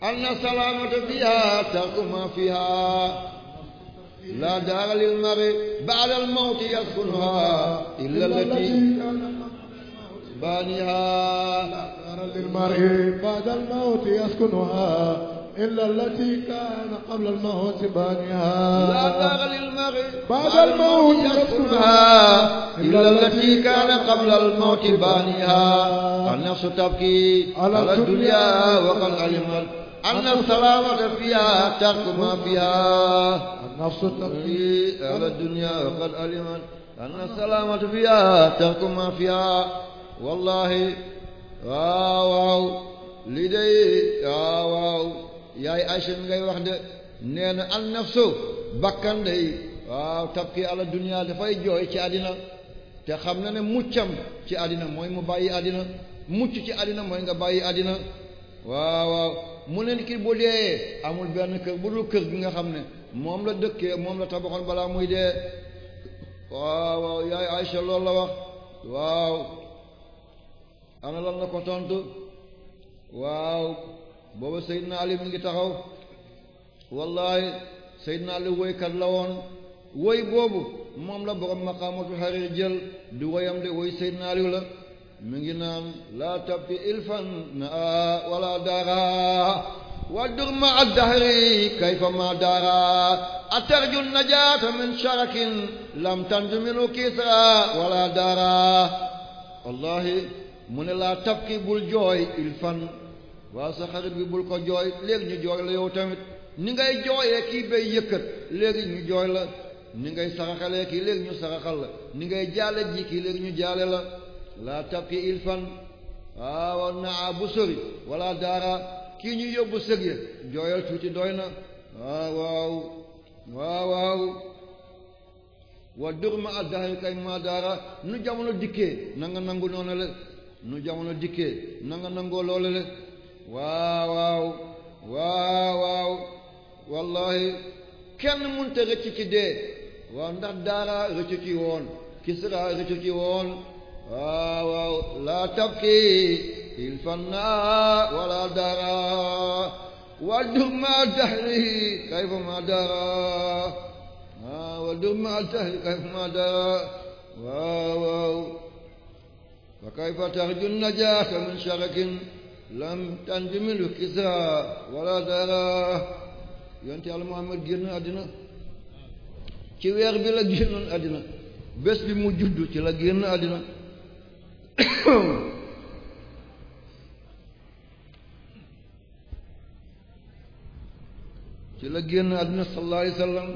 أن السلامة فيها ترك ما فيها لا دار للمرء بعد الموت يسكنها إلا التي بانيها لا دار للمرء بعد الموت يسكنها إلا التي كان قبل الموت بانيها لا تغلي المغي بعد الموت يسكنها إلا التي كان قبل الموت بانيها النفس تبكي على الدنيا وقد علمت أن السلامة فيها ترك ما فيها النفس تبكي على الدنيا وقد علمت أن السلامة فيها ترك ما فيها والله واو واو لدي واو yaay Aysa mi ngay wax de nee na an nafsu bakkan day waaw tabki ala dunya dafay jooy ci àddina te xam na ne muccam ci àddina mooy mu bàyyi àddina mucc ci àddina mooy nga bàyyi àddina waaw waaw mu ne kii bu dee amul benn kër bu dul kër gi nga xam ne moom la dëkkee moom la tabaxoon balaa muy dee waaw waaw yaay Aysa loolu la wax waaw ana lan ko tontu waaw booba Seydina Ali mi ngi taxaw wallahi Seydina Ali woykat la woon woy boobu moom la borom maqaamatu xarir jël du woyam de woy Seydina Ali la mi ngi naan laa tabki ilfan na wala dara wadur ma addahri kayfa ma dara atarju najata min sharakin lam tanju minu kisra wala dara wallahi mu ne laa tabki bul jooy ilfan waaw sa xarit bi bul ko jooy léegi ñu jooy la yow tamit ni ngay jooyee kii bay yëkkat léegi ñu jooy la ni ngay saraxalee kii léegi ñu saraxal la ni ngay jaale ji kii léegi ñu jaale la laa tabki ilfan waaw naa bu sori wala daara kii ñuy yóbbu sëg ya jooyal tuuti doy na waaw waaw waaw waaw wa dur ma kay maa daara nu jamono dikkee na nga nangu noonu nu jamono dikkee na nga nangoo loole waaw waaw waaw waaw wallahi kenn mënta rëcc ci dee waaw ndax daara rëcc ci woon kisra rëcc ci woon waaw waaw laa tabki il fanna wala dara wadur ma dahri kayfa ma dara waaw wadur ma dahri kayfa ma dara waaw waaw fa kayfa tarju najaata min sharakin lam tanjimilu kisa wala dara yonte yàlla Muhammad génn àddina ci weer bi la génnoon àddina bés bi mu juddu ci la génn àddina ci la génn àddina sallallahu alayhi wasallam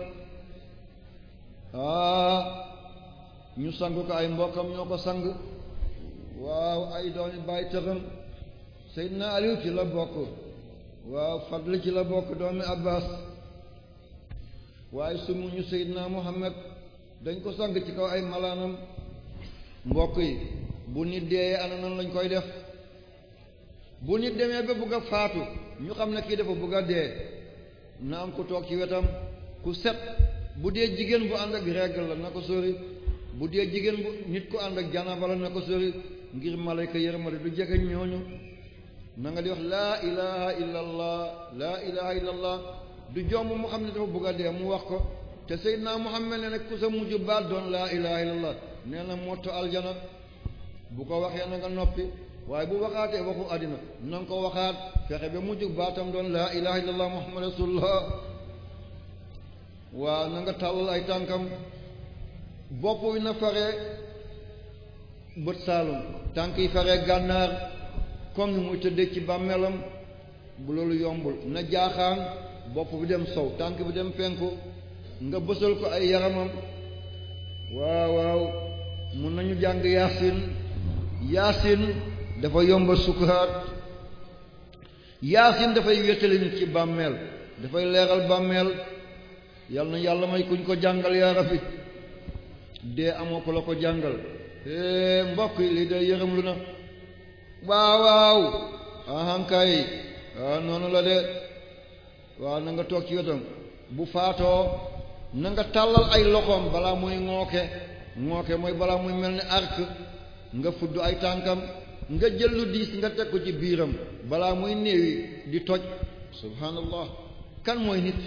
aa ah, ñu sang ko ay mbokkam ñoo ko sang waaw ay doomi bàyyi tëxam seyd Seydina Aliou ci la bokk waaw Fadl ci la bokk doomi Abbas waaye sumuñu Seydina Muhammad dañ ko sang ci kaw ay malaanam mbokk yi bu nit deeyee ana nan lañ koy def bu nit demee ba bugg faatu ñu xam ne kii dafa bugg a dee na am ku toog ci wetam ku set bu dee jigéen bu ànd ak règle la na ko sori bu dee jigéen bu nit ku ànd ak janaba la na ko sori ngir malayka yërmande du jege ñooñu na nga di wax laa ilaha illa allah laa ilaha illa allah du jomb mu xam ne dafa bëgg a dee mu wax ko te Seydina Muhammad ne nag ku sa mujj baat doon laa ilaha illa allah nee na motto aljana bu ko wax na nga noppi waaye bu waxaatee waxu àddina na ko waxaat fexe ba mujj baatam doon laa ilaha illa allah muhammad rasulullah waa na nga tàllal ay tànkam bopp wi na fare bët saalum tànk yi fare gànnaar comme ni muy tëddee ci bàmmeelam bu loolu yombul na jaaxaan bopp bi dem sow tànk bi dem penku nga bësal ko ay yaramam waaw waaw mun nañu jàng yaasin yaasin dafa yombal sukuraat yaasin dafay wéttali ci bàmmeel dafay leeral bàmmeel yal na yàlla may kuñ ko jàngal yaa rafi dee amoo ko la ko jàngal mbokk yi lii day yërëm lu na waaw waaw ahankay waaw ah, noonu la de waaw na nga toog ci wetam bu faatoo na nga tàllal ay loxoom balaa muy ŋooke ŋooke mooy balaa muy mel ni ark nga fudd ay tànkam nga jël lu diis nga teg ko ci biiram balaa muy néewi di toj subhaanallah kan mooy nit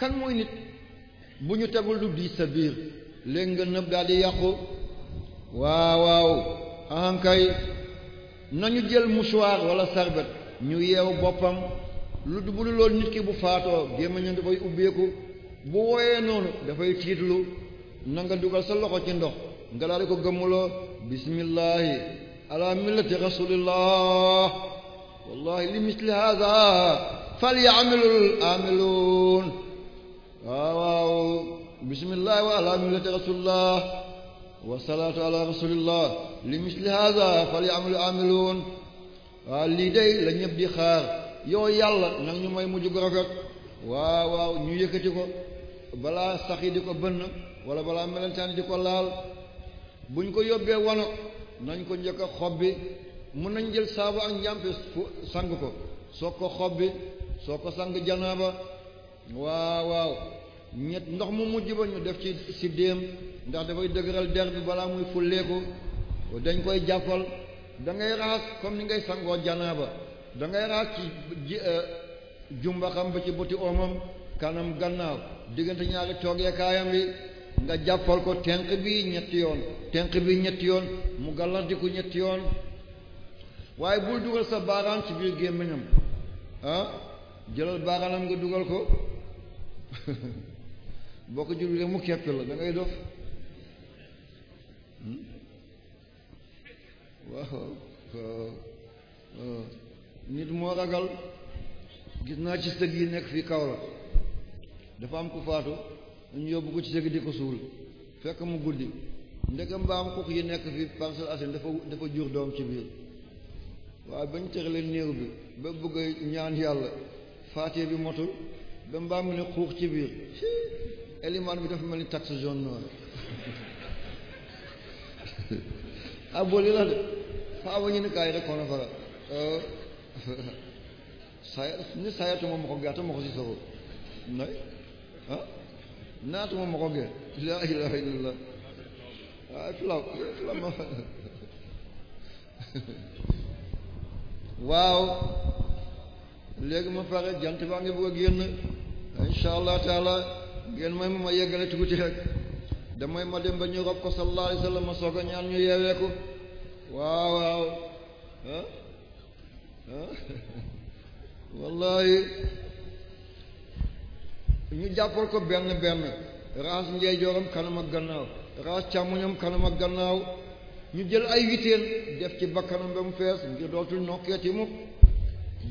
kan mooy nit bu ñu tegul lu diis sa biir léegi nga nëb daal di yàqu waaw waaw ahankay nañu jël mouchoir wala sarbet ñu yeew boppam lu bu lu loolu nit ki bu faatoo gémmiñam dafay noonu dafay tiitlu na nga dugal sa loxo ci ndox nga daal di ko gëmmuloo bismillahi ala millati rasulillah wallahi li misli hada falya'malul amilun waaw waaw bismillahi wa ala millati rasulillah wasalaatu ala rasulillah li misli hada falyamal amiluun waaw lii day la ñëpp di xaar yow yàlla nag ñu may mujj gu rafet waaw waaw ñu yëkkati ko balaa sax yi di ko bënn wala balaa melentaan di ko laal buñ ko yóbbee wano nañ ko njëkk a xob bi mun nañ jël saabu ak njàmpe sang ko soo ko xob bi soog ko sang janaaba waaw waaw ñett ndox mu mujj ba ñu def ci si déem ndax dafay dëgëral der bi balaa muy fulleeku dañ koy jàppal da ngay raxas comme ni ngay sangoo janaaba da ngay raxas ci euh, jumbaxam ba ci bëti omam kanam gannaaw diggante ñaari toogeekaayam bi nga jàppal ko tenq bi ñetti yoon tenq bi ñetti yoon mu gàllantiku ñetti yoon waaye bul dugal sa baaraan ci biir gémmiñam ah jëlal baaraanam nga dugal ko boo ko jullee mu kepp la dangay ngay dof hmm? waaw nit moo ragal gis naa ci sëg yi nekk fii kaw la dafa am ku faatu ñu yóbbu ko ci sëg di ko suul fekk mu guddi ndegam mbaam kooku yi nekk fii Parcelles Assainies dafa dafa jur doom ci biir waaye bañ tërale néew bi ba bëgg ñaan yàlla faatee bi motul ba mbaam mu ne xuux ci biir élément bi dafa mel ni taxe zone noire aboli la de faa ba ñu ne kaay rek kono fara saya ni saya tuma moko ge atuma ko si sawo nay naa tuma moko ge la ilaha illallah ah fulaw fulaw ma waaw léegi ma pare jant baa ngi bëgg a génn insha allah taala ngeen mooy ma ma yeggale tuuti rek damooy ma dem ba ñu rob ko sallallahu alayhi wasallam ma ñaan ñu yeewee ko waaw waaw ah wallahi ñu jàppal ko benn benn ras njeejooram kanam ak gannaaw raas càmmoñam kanam ak gannaaw ñu jël ay witeen def ci bakkanam ba mu fees ngir dootul nokkeeti mukk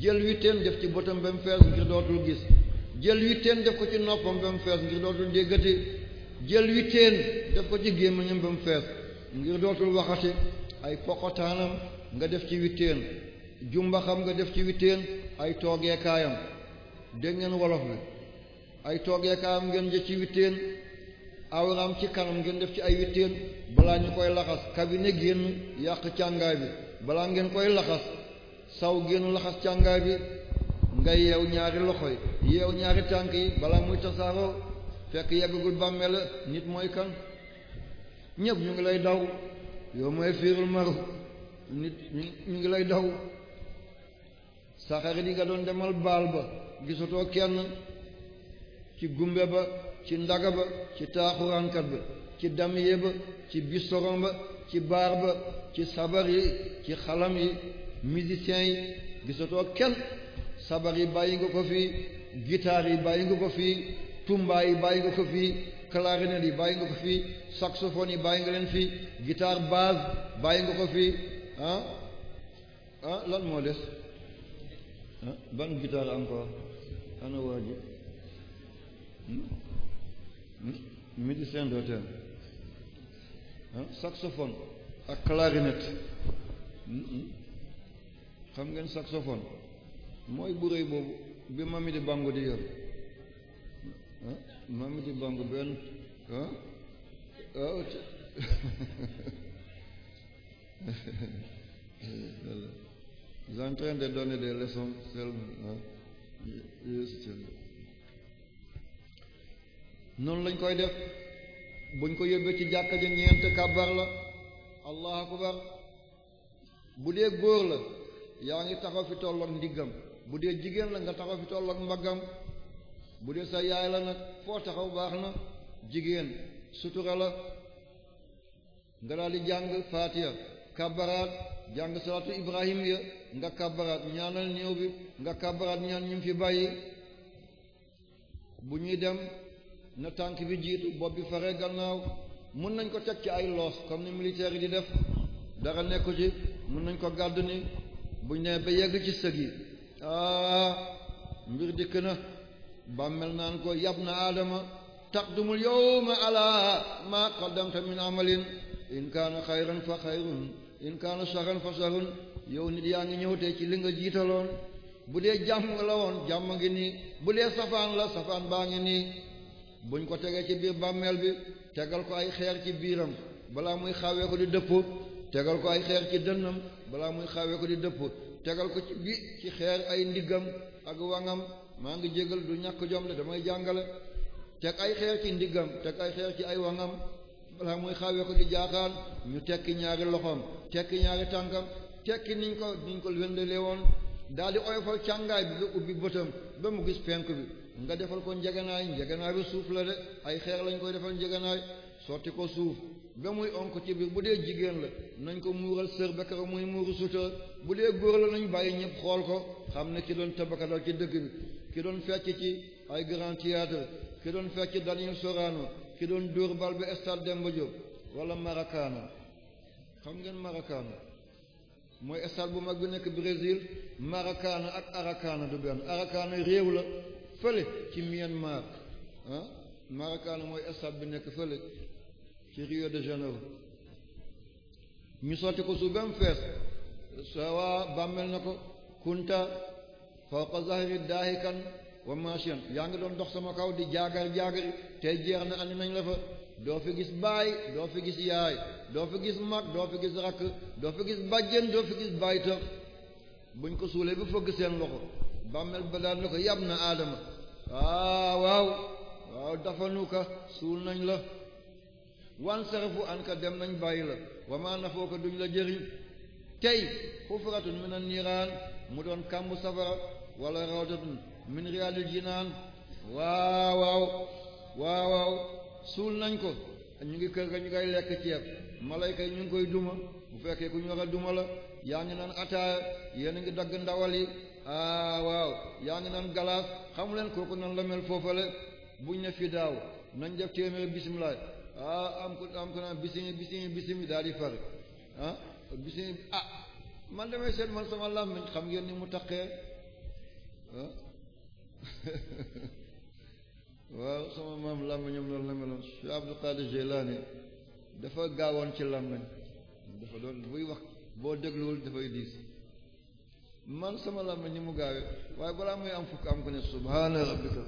jël witeen def ci bëtam ba mu fees ngir dootul gis jël witteen def ko ci noppam ba mu fees ngir dootul déggati jël witteen def ko ci gémmiñam ba mu fees ngir dootul waxati ay poqotaanam nga def ci witteen jumbaxam nga def ci witteen ay toogeekaayam dégg ngeen wolof bi ay toogeekaayam ngeen jël ci witteen awram ci kanam ngeen def ci ay witteen balaa ñu koy laxas kabine génn yàq càngaay bi balaa ngeen koy laxas saw génn laxas càngaay bi nga yeew ñaari loxo yi yeew ñaari tànk yi balaa muy tasaaroo fekk yeggagul la nit mooy kan ñëpp ñu ngi lay daw yow mooy fiirul maru nit ñu ngi lay daw sa xarit yi nga doon demal baal ba gisatoo kenn ci gumbe ba ci ndaga ba ci taaxuraankat ba ci damye ba ci bistoron ba ci baar ba ci sabar yi ci xalam yi musiciens yi gisatoo kenn sabar yi bàyyi nga ko fi guitare yi bàyyi nga ko fii tumba yi bàyyi nga ko fi clarinette yi bàyyi nga ko fi saxophone yi bàyyi nga leen fii gitaar basse bàyyi nga ko fi ah, ah lan moo des ah ban guitare encore ana waa ji médecin hmm? hmm? d'auteur ah saxophone ak clarinette hmm, xam ngeen saxophone mooy bu rëy boobu bi mami di bango di yor mami di bango benn Ils sont de donner des leçons seulement noonu lañ koy def buñ ko yóbbee ci jàkka ji ñeent kàbbar la allah akbar bu dee góor la yaa ngi taxaw fi tolloog ndiggam bu dee jigéen la nga taxaw fi tolloog mbaggam bu dee sa yaay la nag foo taxaw baax na jigéen sutura la nga daal di jàng faatiya kabaraat jàng salaatu ibrahim ya nga kabaraat ñaanal néew bi nga kabaraat ñaan ñim fi bàyyi bu ñuy dem na tànk bi jiit bopp bi fare gannaaw mën nañ ko teg ci ay loos comme ni militaire yi di def dara nekku ci mën nañ ko gàdd ni buñ nee ba yegg ci sëg yi aa ah, mbir dikk na bàmmel naan ko yab na aadama taqdumul yawma ala ma qaddamta min amalin in kaana xayran fa xayrun in kaana saran fa sarun yow nit yaa ngi ñëw tey ci li nga jiitaloon bu dee jàmm la woon jàmm ngi nii bu dee safaan la safaan baa ngi nii buñ ko tegee ci biir bàmmeel bi tegal ko ay xeer ci biiram balaa muy xawee ko di dëpp tegal ko ay xeer ci dënnam balaa muy xawee ko di dëpp tegal ko ci bi ci xeer ay ndiggam ak wangam maa ngi jégal du ñàkk jom de damay jàngale teg ay xeer ci ndiggam teg ay xeer ci ay wangam balaa muy xawee ko di jaaxaan ñu tekki ñaari loxom tekki ñaari tànkam tekki niñ ko niñ ko wëndelee woon daal di oyofal càngaay bi nga ubbi bëtam ba mu gis penk bi nga defal ko njeganaay njeganaay bi suuf la de ay xeer lañ koy defal njeganaay sotti ko suuf ba muy onk ci biir bu dee jigéen la nañ ko muural sër ba keroog muy muuru sutura bu dee góor la nañ bàyyi ñëpp xool ko xam ne ki doon tabakatal ci dëkk bi ki doon fecc ci ay grand théâtre ki doon fecc Daniel Sorano ki doon dóor bal bi stade Demba Diop wala Maracana xam ngeen Maracana mooy stade bu mag bi nekk Brésil Maracana ak Aracana du benn Aracana réew la fële ci Myanmar ah mooy stade bi nekk fële ci Rio de Janeiro ñu sotti ko su bem fees sawa bàmmel na ko kunta fawqa zahiri daahikan wa machian yaa ngi doon dox sama kaw di jaagar jaagari tey jeex na andi nañ la fa doo fi gis baay doo fi gis yaay doo fi gis mag doo fi gis rakk doo fi gis bàjjen doo fi gis baytax buñ ko suulee bu fëgg seen loxo bàmmel ba na ko yab na aadama ah, waaw waaw waaw dafanuka suul nañ la wan sarafu an dem nañ bàyyi la wamaa nafoo ko duñ la jëriñ tey xufratun min a niiraan mu doon kàmb safara wala rawdatun min riyaadil jinaan waawaaw waawaaw suul nañ ko ñu ngi kër ga ñu kay lekk ceeb malayka yi ñu ngi koy duma bu fekkee ku ñu a duma la yaa ngi naan ataaya yéen a ngi dagg ndawal yi ah waaw yaa ngi naan galaas xamu leen kooku nan la mel foofale buñ ne fi daaw def téeméer bisimilah ah am ko am ko naan bisimi bisimi bisimi daal di far ah bisimi ah man damay seet man sama làmmiñ xam ngeen ni mu taqee ah waaw sama maam làmmiñam loolu la meloon su Abdul Qadir Jilani dafa gaawoon ci làmmiñ dafa doon buy wax boo dégluwul dafay diis man sama làmmiñ ni mu gaawee waaye balaa muy am fukk am ko ne subhaana rabbika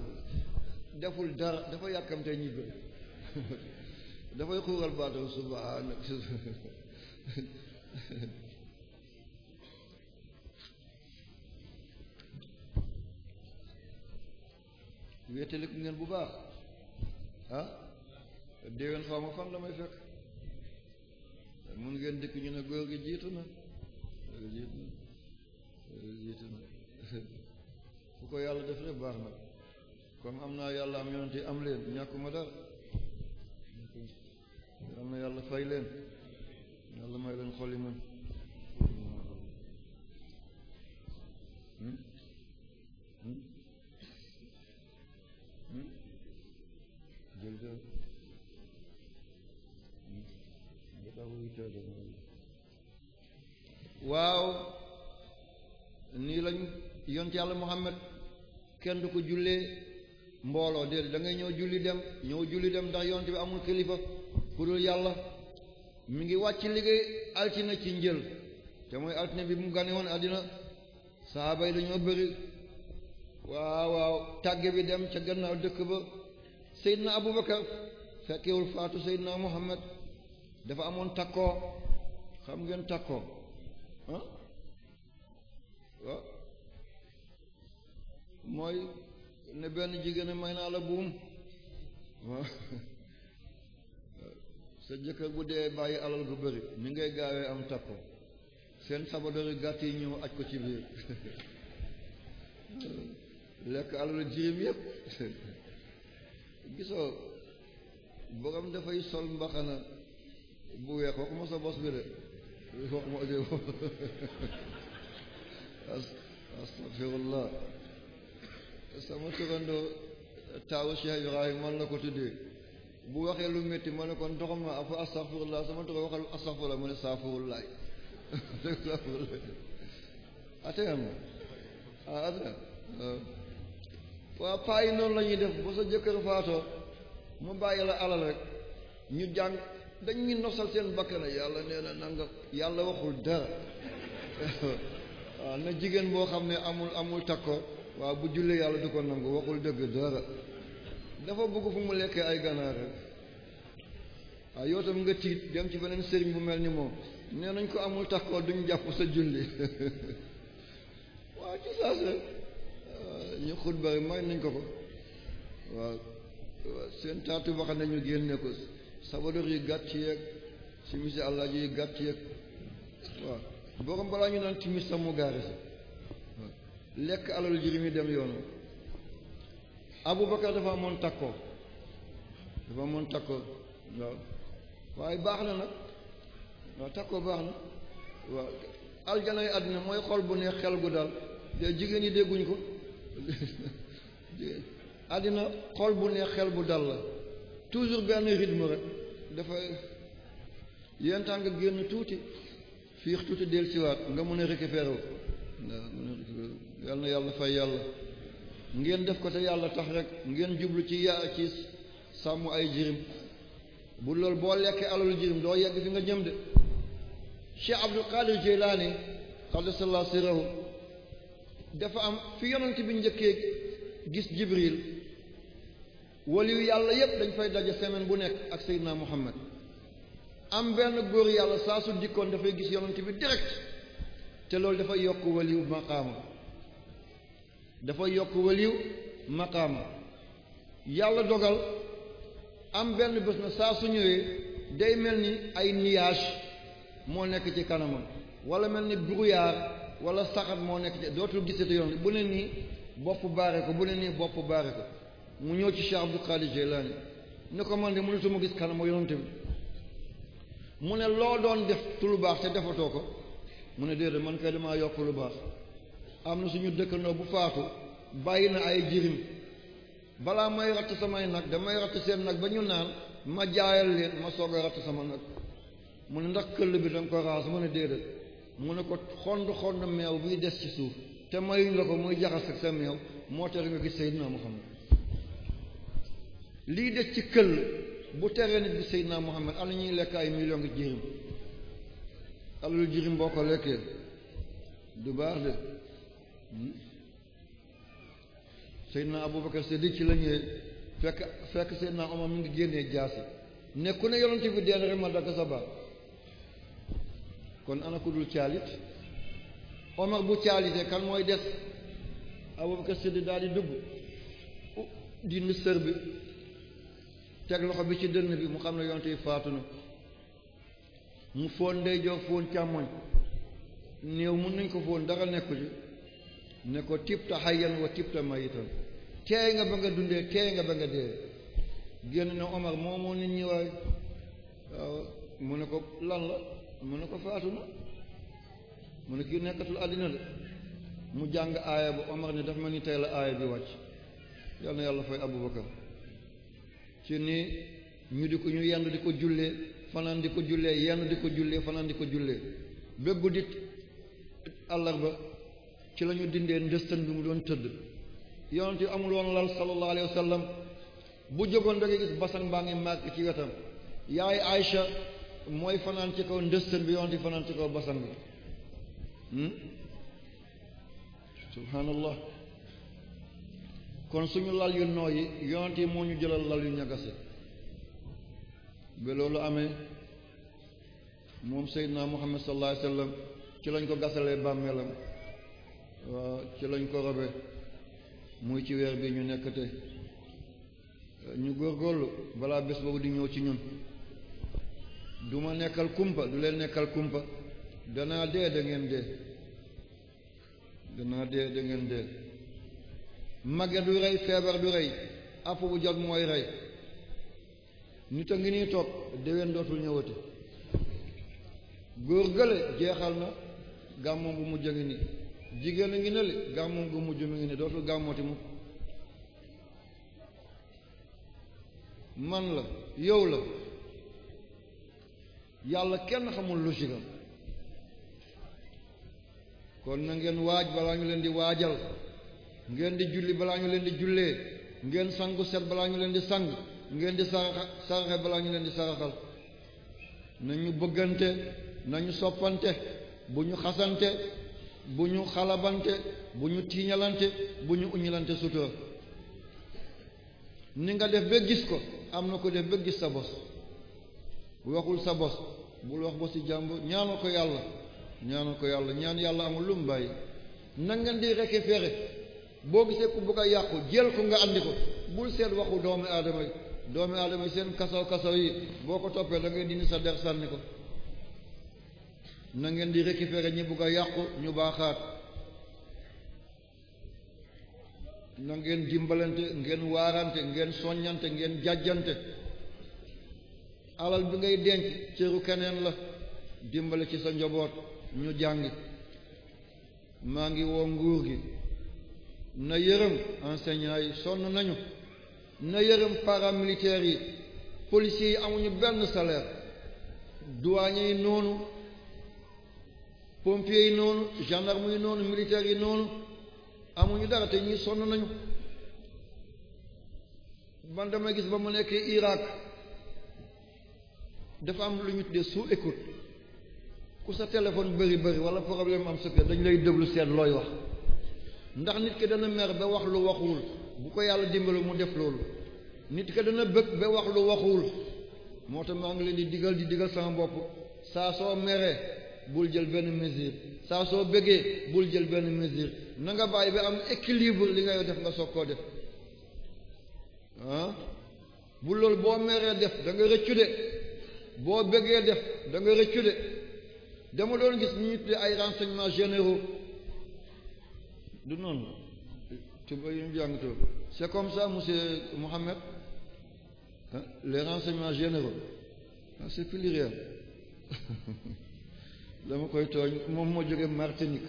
deful dara dafa yàkkamtee ñibbi dafay xuural baatam subhanak wéetalik ngeen bu baax ah déwén xaw ma fan la may fekk mun ngeen dikk ñu ne góor gi jiitu na jiitu na jiitu na ku ko yàlla def rek baax na comme am naa yàlla am yonente am leen ñàkkuma dara yal na leen yàlla may leen xol yi mën hmm? hmm? hmm? jërëjëf waaw nii lañ yont yàlla Muhammad kenn du ko jullee mbooloo déedéet dangay ñëw julli dem ñëw julli dem ndax yonte bi amul kilifa bu dul yàlla mi ngi wàcc liggéey altine ci njël te mooy altine bi mu gane woon àddina sahaaba yi dañoo bëri waaw waaw tàgge bi dem ca gannaaw dëkk ba Seydina Abubakar fekkewul faatu Seydina Muhammad dafa amoon takkoo xam ngeen takkoo mooy ne benn jigéen may naa la buum waaw sa jëkkër bu dee bàyyi alal bu bëri ni ngay gaawee am takko seen sabadori gàtt yi ñëw aj ko ci biir lekk alalu jirim yépp gisoo borom dafay sol mbaxana bu weex waxuma sa bos bi de waxuma de astaghfirullah sama turandoo taawu Cheikh Ibrahim man la ko tuddee bu waxee lu métti ma ne kon doxam na afa astaghfirullah sama toro waxal astaghfirullah mu ne safurulaay atayam ah atayam ah. waa paa yi noonu lañuy ñuy def ba sa jëkkër faatoo mu bàyyi la alal rek ñu jàng dañ ñu nosal seen bakkan yàlla nee na nanga yàlla waxul dara waaw ah, na jigéen boo xam ne amul amul takko waaw bu jullee yàlla du ko nangu waxul dëgg dara dafa bëgg fu mu lekkee ay ganaar rek waaw ah, yow nga tiit dem ci beneen sëriñ bu mel ni moom nee nañ ko amul tax ko duñ jàpp sa julli waaw ci saa se ah, ñu xutba may nañ ko ko waaw seen taatu wax nañu génne ko sabadoor yi gàtt yeeg si misi àllaaj yi gàtt yeeg waaw borom balaa ñu naan timis sax mu gaare si lekk alal jirim yi dem yoonu abu Aboubacar dafa amoon takkoo dafa amoon takkoo waaw waaye baax na nag waaw takkoo baax na waaw aljana àddina mooy xol bu neex xel gu dal jigéen ñi dégguñu ko àddina xol bu neex xel bu dal la toujours benn rythme rek dafa yenn temps nga génn tuuti fiix tuuti dellusiwaat nga mën a récupérer wu nga mën a récupérer yàlla na yàlla fay yàlla ngeen def ko te yàlla tax rek ngeen jublu ci ya ci sàmm ay jirim bu lool boo lekkee alalu jirim doo yegg fi nga jëm de Cheikh Abdul Qadir Jilani qaddasallahu sirrahu dafa am fi yonent bi njëkkee gis Jibril waliyu yàlla yépp dañ fay daje semaine bu nekk ak Seydina Muhammad am benn góor yàlla saa su dikkoon dafay gis yonent bi direct te loolu dafay yokk waliyu maqaama dafa yokk waliw maqaama yàlla dogal am benn bés na saa su ñëwee day mel ni ay nuage moo nekk ci kanamam wala mel ni brouillard walla saxat moo nekk ci dootul gisati yoon bu ne nii bopp baare ko bu ne nii bopp baare ko mu ñëw ci Cheikh Abdou Qadir Jilani ne ko man de mënatuma gis kanama yonante bi mu ne loo doon def tu lu baax te defatoo ko mu ne déedéet man kay damaa yokk lu baax am na suñu dëkkandoo bu faatu bàyyi na ay jirim balaa may ratt samay nag damay ratt seen nag ba ñu naan ma jaayal leen ma soog a ratt sama nag mu ne ndax këll bi danga ko raas mu ne déedéet mu ne ko xond xond meew biy des ci suuf te mayuñ la ko muy jaxas ak sa meew moo tere nga gis Seydina Muhammad lii des ci këll bu teree nit bi naa Muhammad am na ñuy lekk ay million ngi jirim alalu jirim boo ko lekkee du baax de Seydina Abubakar Siddiq ci la ñëwee fekk fekk Seydina Omar mu ngi génnee jaasi ne ku ne yonente bi deen rek ma dakk sa baat kon ana caalit Omar bu caalitee kan mooy des Abubakar Siddiq daal di dugg dindi sër bi teg loxo bi ci dënn bi mu xam ne yonente yi faatu na mu foon ndeyjoor foon càmmoñ néew mun nañ ko foon dara nekku ne ko tax hayyan wa tibta mayitan teey nga ba nga dundee teey nga ba nga dee génn na Omar moomoo nit ñi waay mu ne ko lan la mu ne ko faatu mu ne kii nekkatul àddina de mu jàng aaya bu Omar ne dafa mel ni tey la aaya bi wàcc yal yàlla fay Abubakar ci nii ñu di ko ñu yenn di ko jullee fanaan di ko jullee yenn di ko jullee fanaan di ko jullee bépp di àllarba ci lañu ñu dindee ndëstan bi mu doon tëdd yonent yi amul woon lal sallallahu alayhi wa sallam bu jógoon da ngay gis basan baa ngi màgg ci wetam yaay Aïcha mooy fanaan ci kaw ndëstan bi yonent yi fanaan ci kaw basan bi hmm? subhaanallah kon suñu lal yu nooy yi yonent yi moo ñu jëlal lal yu ñagase ba loolu amee moom Seydina Muhammad sallallahu alayhi ci lañ ko gasalee bàmmeelam waaw ci lañ ko robe muy ci weer bi ñu nekk tey ñu góorgóorlu balaa bés boobu di ñëw ci ñun duma nekkal kumpa du leen nekkal kumpa danaa dee da ngeen dee danaa dee da ngeen dee magge du rey feebar du rey app bu jot mooy rey nit a ngi nii toog déwén dootul ñëwati góor gële jeexal na gàmmoom bu mujj a ngi nii jigéen a ngi ne li gàmmoom mujj mi ngi ne dootul gàmmooti mu man la yow la yàlla kenn xamul logique am kon na ngeen waaj balaa ngi leen di waajal ngeen di julli balaa ngi leen di jullee ngeen sangu set balaa ngi leen di sang ngeen di saraxa saraxe balaa ñu leen di saraxal nañu bëggante nañu soppante bu ñu xasante bu ñu xalabante bu ñu tiiñalante bu ñu uñilante sutura ni nga def ba gis ko am na ko def ba gis sa bos waxul sa bos bul wax bosi jàmb ñaanal ko yàlla ñaanal ko yàlla ñaan yàlla amul lu mu bàyyi nangan di reke fere boo gisee ku bëgg a yàqu jël ko nga andi ko bul seet waxu doomi aadama yi doomi aadama yi seen kasaw kasaw yi boo ko toppee da ngay dindi sa der sànni ko na ngeen di récupérer ñi bugg a yàqu ñu baaxaat na ngeen ngeen waarante ngeen soññante ngeen jàjjante alal bi ngay denc cëru keneen la dimbale ci sa njaboot ñu jàngi maa ngi woo nguur gi na yërëm enseignants yi sonn nañu na yërëm paramilitaires yi policiers yi amuñu benn salaire douaniers noonu pompiers yi noonu gendarme yi noonu militaires yi noonu amuñu dara te ñi sonn nañu man damay gis ba mu nekk Irak dafa am lu ñu tuddee suuf écoute ku sa téléphone bëri bëri wala problème am sa kër lay déglu seen looy wax ndax nit ki dana mer ba wax lu waxul bu ko yàlla dimbalu mu def loolu nit ki dana bëgg ba wax lu waxul moo tax maa ngi leen di diggal di digal sama bopp saa soo meree bul jël benn mesure saa soo bëggee bul jël benn mesure nanga nga bàyyi ba am équilibre li ngay def nga soog koo def ah? bu lool boo meree def da nga rëccu de boo bëggee def da nga rëccu de dama doon gis ñu ñu ay renseignements généro du noonu tuba yu ñu c'est comme ça monsieur Mohamed les renseignements généraux ah, c'est pluriel dama koy tooñ moom moo jóge Martinique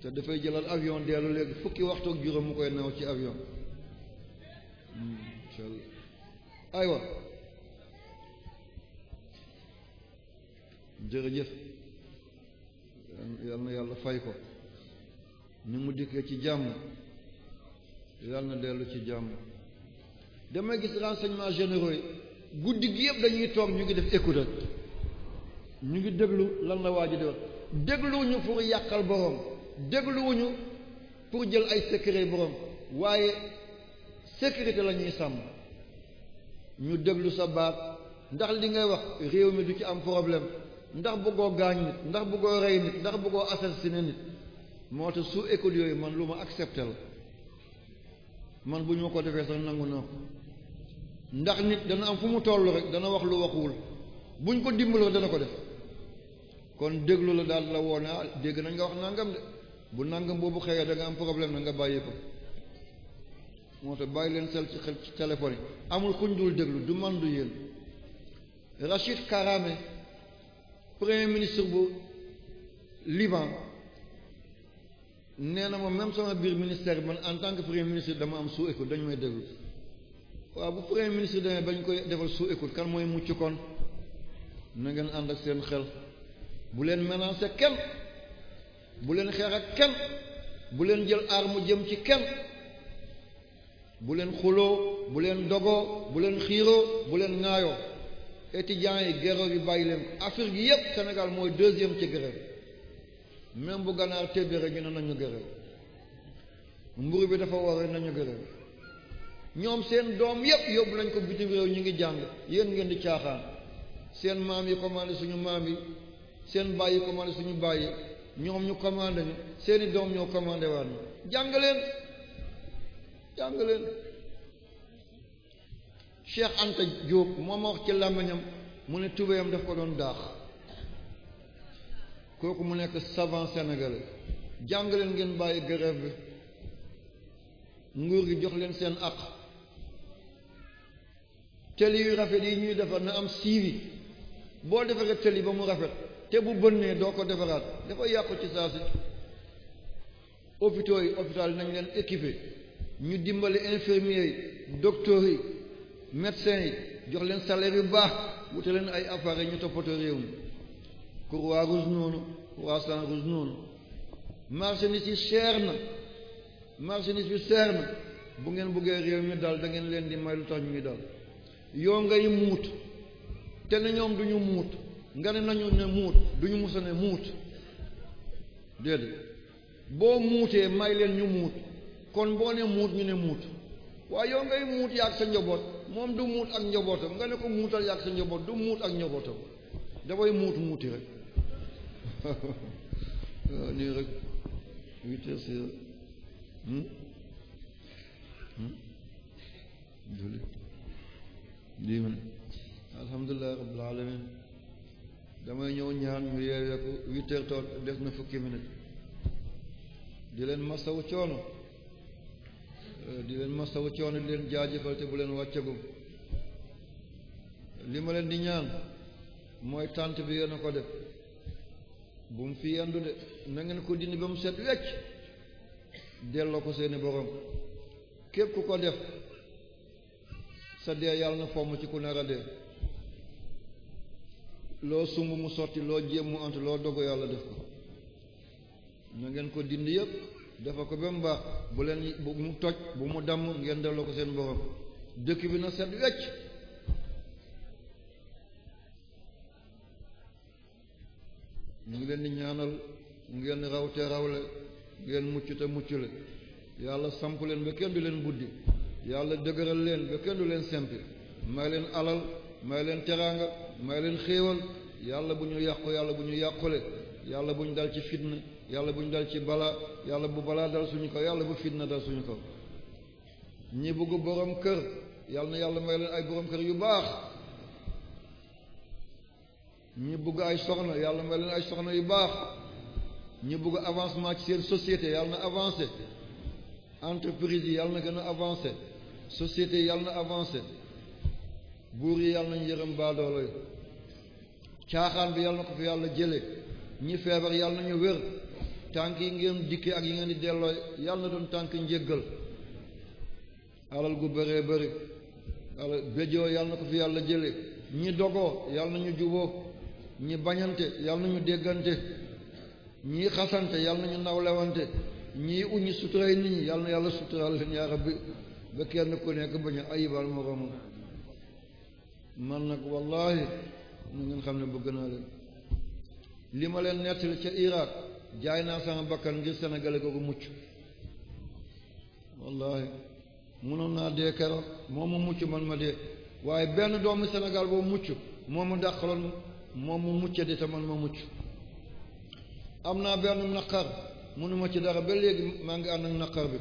te dafay jëlal avion dellu léegi fukki waxtu ak juróom mu koy naaw ci avion incha aywa jërëjëf yal yàlla fay ko ni mu dikkee ci jàmm yal na dellu ci jàmm damay gis renseignement généraux yi guddi gi yëpp dañuy toog ñu ngi def écoute ñu ngi déglu lan la waa ji di wax dégluwuñu pour yàqal boroom dégluwuñu pour jël ay secret borom waaye sécurité la ñuy sàmm ñu déglu sa baat ndax li ngay wax réew mi du ci am problème ndax bëggoo gaañ nit ndax bëggoo rey nit ndax bëggoo assassiner nit moo tax su écoute yooyu man lu ma accepté la man bu ñu ma ko defee sax nangu naa ndax nit dana am fu mu toll rek dana wax lu waxuwul buñ ko dimbaloo dana ko def kon déglu la daal la woo ne ah dégg nañ nga wax nangam de bu nangam boobu xëyee da nga am problème na nga bàyyi ko moo tax bàyyi leen sel ci xel ci téléphone yi amul kuñ dul déglu du man du yéen Rachid Karame premier ministre bu Liban nee na ma même sama biir ministère man en tant que premier ministre dama am sous écoute dañu may déglu waaw bu premier ministre demee ba ñu koy defal sous écoute kan mooy mucc kon na ngeen ànd ak seen xel bu leen menacer kenn bu leen xeex ak kenn bu leen jël aar mu jëm ci kenn bu leen xuloo bu leen dogoo bu leen xiiroo bu leen ŋaayoo étudiants yi grève yi bàyyi leen ko Afrique yi yëpp Sénégal mooy deuxième ci grève même bu ganaar tëddee rek ñu ne nañu grève mburu bi dafa war nañu grève ñoom seen doom yëpp yóbbu nañ ko bitim réew ñu ngi jàng yéen ngeen di caaxaan seen maam yi commandé suñu maam yi seen bàyyi yi suñu bàyyi yi ñoom ñu commandé ñu seeni doom ñoo commandé waat ñu jàng leen jàng leen Cheikh Anta Diop ci làmmiñam mu ne tubéyam daf ko doon daax kooku mu nekk savant sénégalais jàng leen ngeen bàyyi grève bi nguur gi jox leen seen àq tëli yu rafet yi ñuy defar na am siiwi boo defaree yi ba mu rafet te bu bënnee doo ko defaraat dafa yàqu ci saa si hôpitaux yi hôpital nañ leen équipé ñu dimbali infirmiers yi docteurs yi médecins yi jox leen salaire yu baax wute leen ay appareils ñu toppatoo réew mi Croix Rouge noonu Croissant Rouge noonu marchandise yi cher na marchandise bi cher na bu ngeen bëggee réew mi daal da ngeen leen di may lu tax ñuy daal yoo ngay muut te ne ñoom du ñu muut nga ne nañu ne muut du ñu musa ne muut déedéet boo muutee may leen ñu muut kon boo ne muut ñu ne muut waaye yow ngay muut yaag sa njaboot moom du muut ak njabootam nga ne ko muutal yaag sa njaboot du muut ak njabootam dafay muut muuti rek nii si lii man alhamdulilah rabbil alamin damay ñëw ñaan ñu yeewee ko huit toog des na fukki minutes di leen masawu coono euh, di leen masawu coono di leen jaajëfal te bu leen wàccagum li ma leen di ñaan mooy tant bi yéen a ko def bu mu fi yendu de na ko dindi ba mu set wecc delloo ko seeni borom képp ku ko def sa dee yàlla na fomm ci ku nar a dee loo sumb mu sotti loo jéem mu ant loo dogu yàlla def ko na ngeen ko dindi yëpp defal ko ba mu bu leen bu mu toj bu mu damm ngeen delloo ko seen borom dëkk bi na set wecc ñu ngi leen di ñaanal ngeen raw te rawle ngeen mucc te mucc le yàlla samp leen ba kenn di leen buddi yàlla dëgëral leen ba kenn du leen sempi may leen alal may leen teraanga may leen xéewal yàlla bu ñu yàqu yàlla bu ñu yàqule yàlla bu ñu dal ci fitna yàlla bu ñu dal ci balaa yàlla bu balaa dal suñu ko yàlla bu fitna dal suñu kaw ñi bëgg borom kër yàlla na yàlla may leen ay borom kër yu baax ñi bëgg ay soxna yàlla may leen ay soxna yu baax ñi bugg avancement ci seen société yàlla na avancé entreprise yi yàlla na gën a avancé société yàlla na avancé buur yi yàlla nañu yërëm baadoolo yi caaxaan bi yàlla na ko fi yàlla jële ñi feebar yàlla nañu wér tànk yi ngeen dikkee ak yi ngeen di delloo yàlla na doon tànk njégal alal gu bëree bëri alal béjoo yàlla na ko fi yàlla jële ñi dogoo yàlla nañu juboo ñi bañante yàlla nañu déggante ñii xasante yàlla nañu nawlewante ñii uñi suturay nit ñi yàlla na yàlla suturaal leen yaa rabbi ba kenn ku nekk bañ a ayibal moroomam man nag wallaahi na ngeen xam ne bëgg naa leen li ma leen nettali ca Irak jaay naa sama bakkan ngir Sénégal googu mucc wallaahi mënoon naa dee keroog moom mu mucc man ma dee waaye benn doomu Sénégal boobu mucc moom mu dàqaloon moom mu mucc di te man ma mucc am naa benn naqar mënuma ci dara ba léegi maa ngi ànd ak naqar bi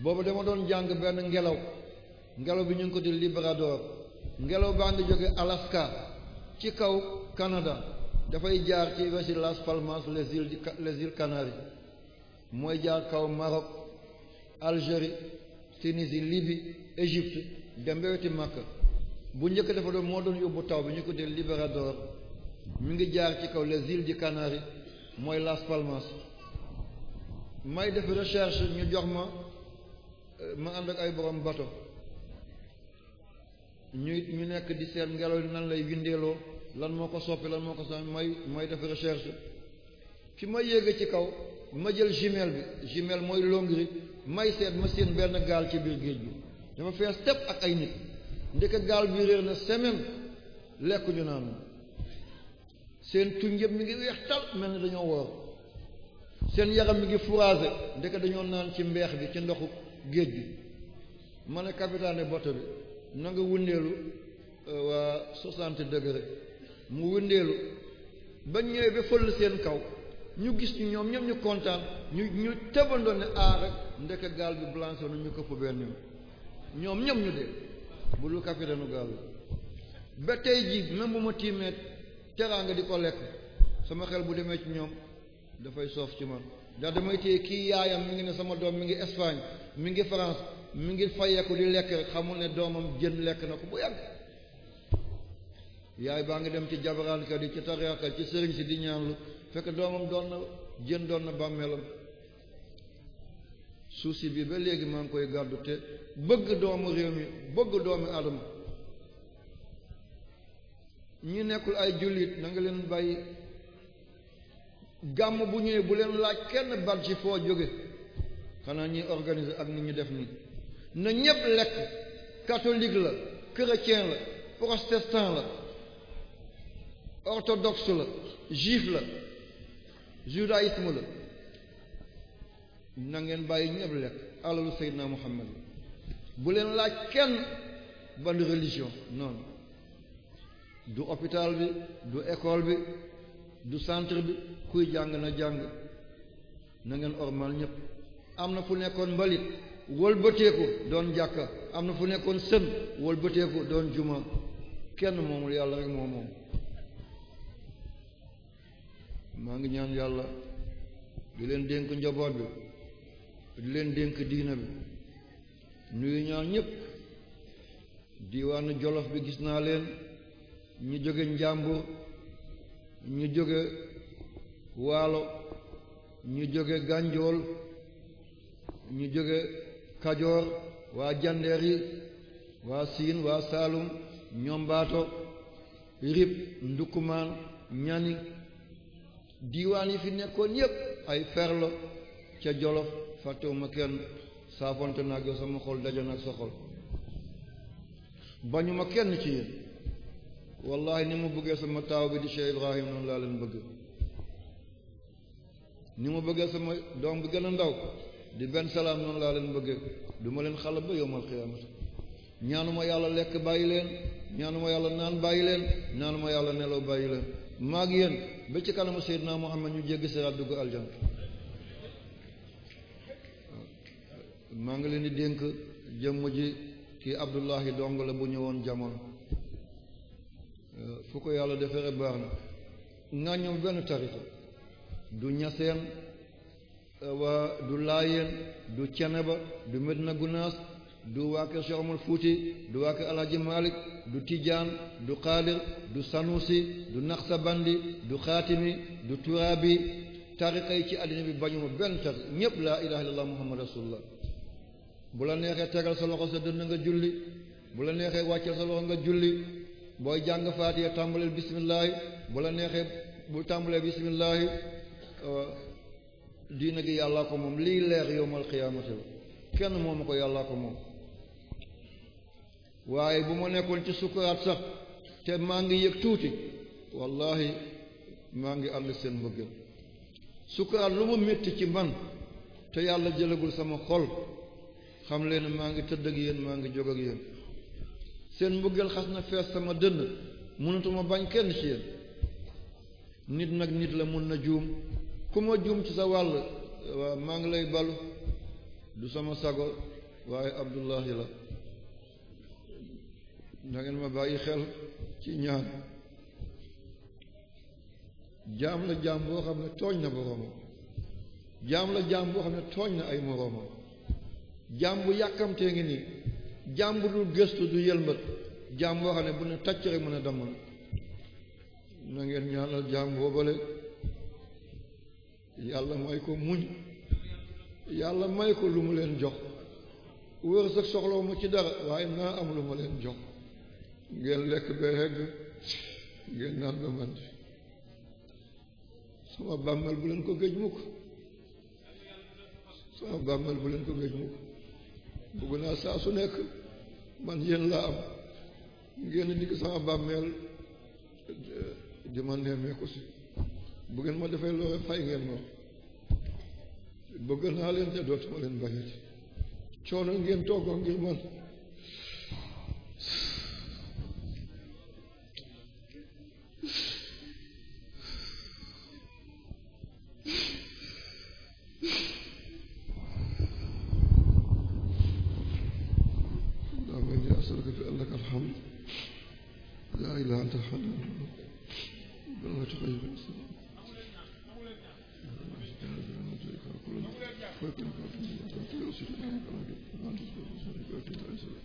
boobu dama doon jàng benn ngelaw ngelaw bi ñu ngi ko di Librador ngelaw baa ngi jóge Alaska ci kaw Canada dafay jaar ci wesi Las Palmas les îles du les îles Canaries mooy jaar kaw Maroc Algérie Tunisie Libye Égypte dem ba weti Makka bu njëkk dafa doon moo doon yóbbu taw bi ñu ko di Librador mi ngi jaar ci kaw les îles du Canaries mooy Las Palmas may def recherche ñu jox ma ma ànd ak ay borom bato ñu ñu nekk di seet ngelaw li nan lay windeeloo lan moo ko soppi lan moo ko soppi may may def recherche fi ma yéege ci kaw ma jël jumelle bi jumelle mooy longri may seet ma seen benn gaal ci biir géej bi dafa fees tepp ak ay nit ndeke gaal bi réer na semaine lekk ñu naan seen tuñ yëpp mi ngi weex tal mel ni dañoo woor seen yaram mi ngi fourragé ndeke dañoo naan ci mbeex bi ci ndoxu géej bi ma ne capitaine bi na nga wëndeelu euh, waa soixante degré mu wëndeelu ba ñëwee ba fël seen kaw ñu gis ñu ñoom ñoom ñu kontaan ñu ñu tëbandoon ne aar ah, rek ndeke gaal bi blanché na ñu këpp benn ñoom ñoom ñoom ñu dee bu lu capitaine gaal bi ba tey ji même bu ma tiimee teraanga di ko lekk sama xel bu demee ci ñoom dafay soof ci man ndax damay téye kii yaayam mu ngi ne sama doom mi ngi Espagne mi ngi France mi ngi fayeeku di lekk xamul ne doomam jën lekk na ko bu yàgg yaay baa ngi dem ci jabaraankat yi ci tariaka ci sëriñ si di ñaanlu fekk doomam doon na jën doon na bàmmeelam suusi bi ba léegi maa ngi koy gàddu te bëgg doomu réew mi bëgg doomu adama ñi nekkul ay jullit nanga nga leen bàyyi gàmm bu ñëwee bu leen laaj kenn bat ci foo jóge xanaa ñuy organise ak ni ñu def nii na ñëpp lekk catholique la chrétien la protestant la orthodoxe la juif la judaïsme la na ngeen bàyyi ñëpp lekk alalu Seydina Muhammad bu leen laaj kenn ban religion noonu du hôpital bi du école bi du centre bi kuy jàng na jàng na ngeen ormal ñëpp am na fu nekkoon mbalit wëlbateeku doon jàkka am na fu nekkoon sën wëlbateeku doon juma kenn moomul yàlla rek moo moom maa ngi ñaan yàlla di leen dénk njaboot bi di leen dénk diina bi nuyu ñaan ñëpp diwaanu jolof bi gis naa leen ñu jóge njàmbur ñu jóge waalo ñu jóge gànjool ñu jóge kajoor waa jandeer yi waa siin waa saalum ñombaato rib ndukumaan ñani diiwaan yi fi nekkoon yépp ay ferlo ca jolof fàttewuma kenn saafonte naa ak yow sama xol daje na sa xol bañuma kenn ci yéen wallahi ni mu bëggee sama taaw bi di Cheikh Ibrahim noonu laa leen bëgg ni mu bëggee sama doom bi gën a ndaw di benn salaam noonu laa leen bëggee du ma leen xala ba yowmal xiyamat ñaanuma yàlla lekk bàyyi leen ñaanuma yàlla naan bàyyi leen ñaanuma yàlla nelaw bàyyi leen maag yéen kanamu Seydina Muhammad ñu jéggi siraat dugg aljant maa ngi leen di dénk jëmm ji kii Abdullahi dong la bu ñëwoon jamono fu ko yàlla defee rek baax na naa ñoom benn tarixa du ñaseen euh, waa du laayeen du ceneba du Medina Gunaas du waa kër Cheikh Fuuti du waa kër Alhaji Malik du Tijaan du Xaadir du Sanusi du Naxsabandi du Xaatimi du Turaabi tarixa yi ci àddina bi bañuma benn tarix ñëpp laa ilaha illallah muhammad rasulullah bu la neexee tegal sa loxo sa dënn nga julli bu la neexee wàcceel sa loxo nga julli booy jàng faatiya tàmbaleel bismillaahi bu la neexee bu tàmbalee bismillaahi uh, diina gi yàllaa ko moom lii leer yowmal xiyaamati kenn moom moomu ko yàllaa ko moom waaye bu ma nekkoon ci sukuraat sax te maa ngi yëg tuuti wallahi maa ngi ànd seen mbëggeel sukuraat lu mu métti ci man te yàlla jëlagul sama xol xam leen maa ngi tëdd ak yéen maa ngi jóg ak seen mbëggeel xas na fees sama dënn mënatuma bañ kenn ci nit nag nit la mun na juum ku ma juum ci sa wàll waaw maa ngi lay balu du sama sago waaye abdullahi la da ngeen ma bàyyi xel ci ñaan jaam la jaam boo xam ne tooñ na boroomam jaam la jaam boo xam ne tooñ na ay moroomam jaam bu yàkkamtee ngi nii jaam bu dul gëstu du yëlmët jaam boo ne bu ne tàcc rek mën a damman na ngeen ñaanal jaam boobale yàlla may ko muñ yàlla may ko lu mu leen jox wërsëg soxlaw mu ci dara waaye naa am lu ma leen jox ngeen lekk ba regg ngeen naan ba mand sama bàmmeel bu leen ko géej mukk sama bàmmeel bu leen ko géej mukk bëgg naa saa su nekk man yéen laa am ngeen digg sama bàmmeel di ma nemmeeku si bu ngeen ma defee loole fay ngeen ma bëgg naa leen te dootuma leen bañati coono ngeen toggoo ngir man rabbika laka alhamd laa ilaaha anta subhaanaka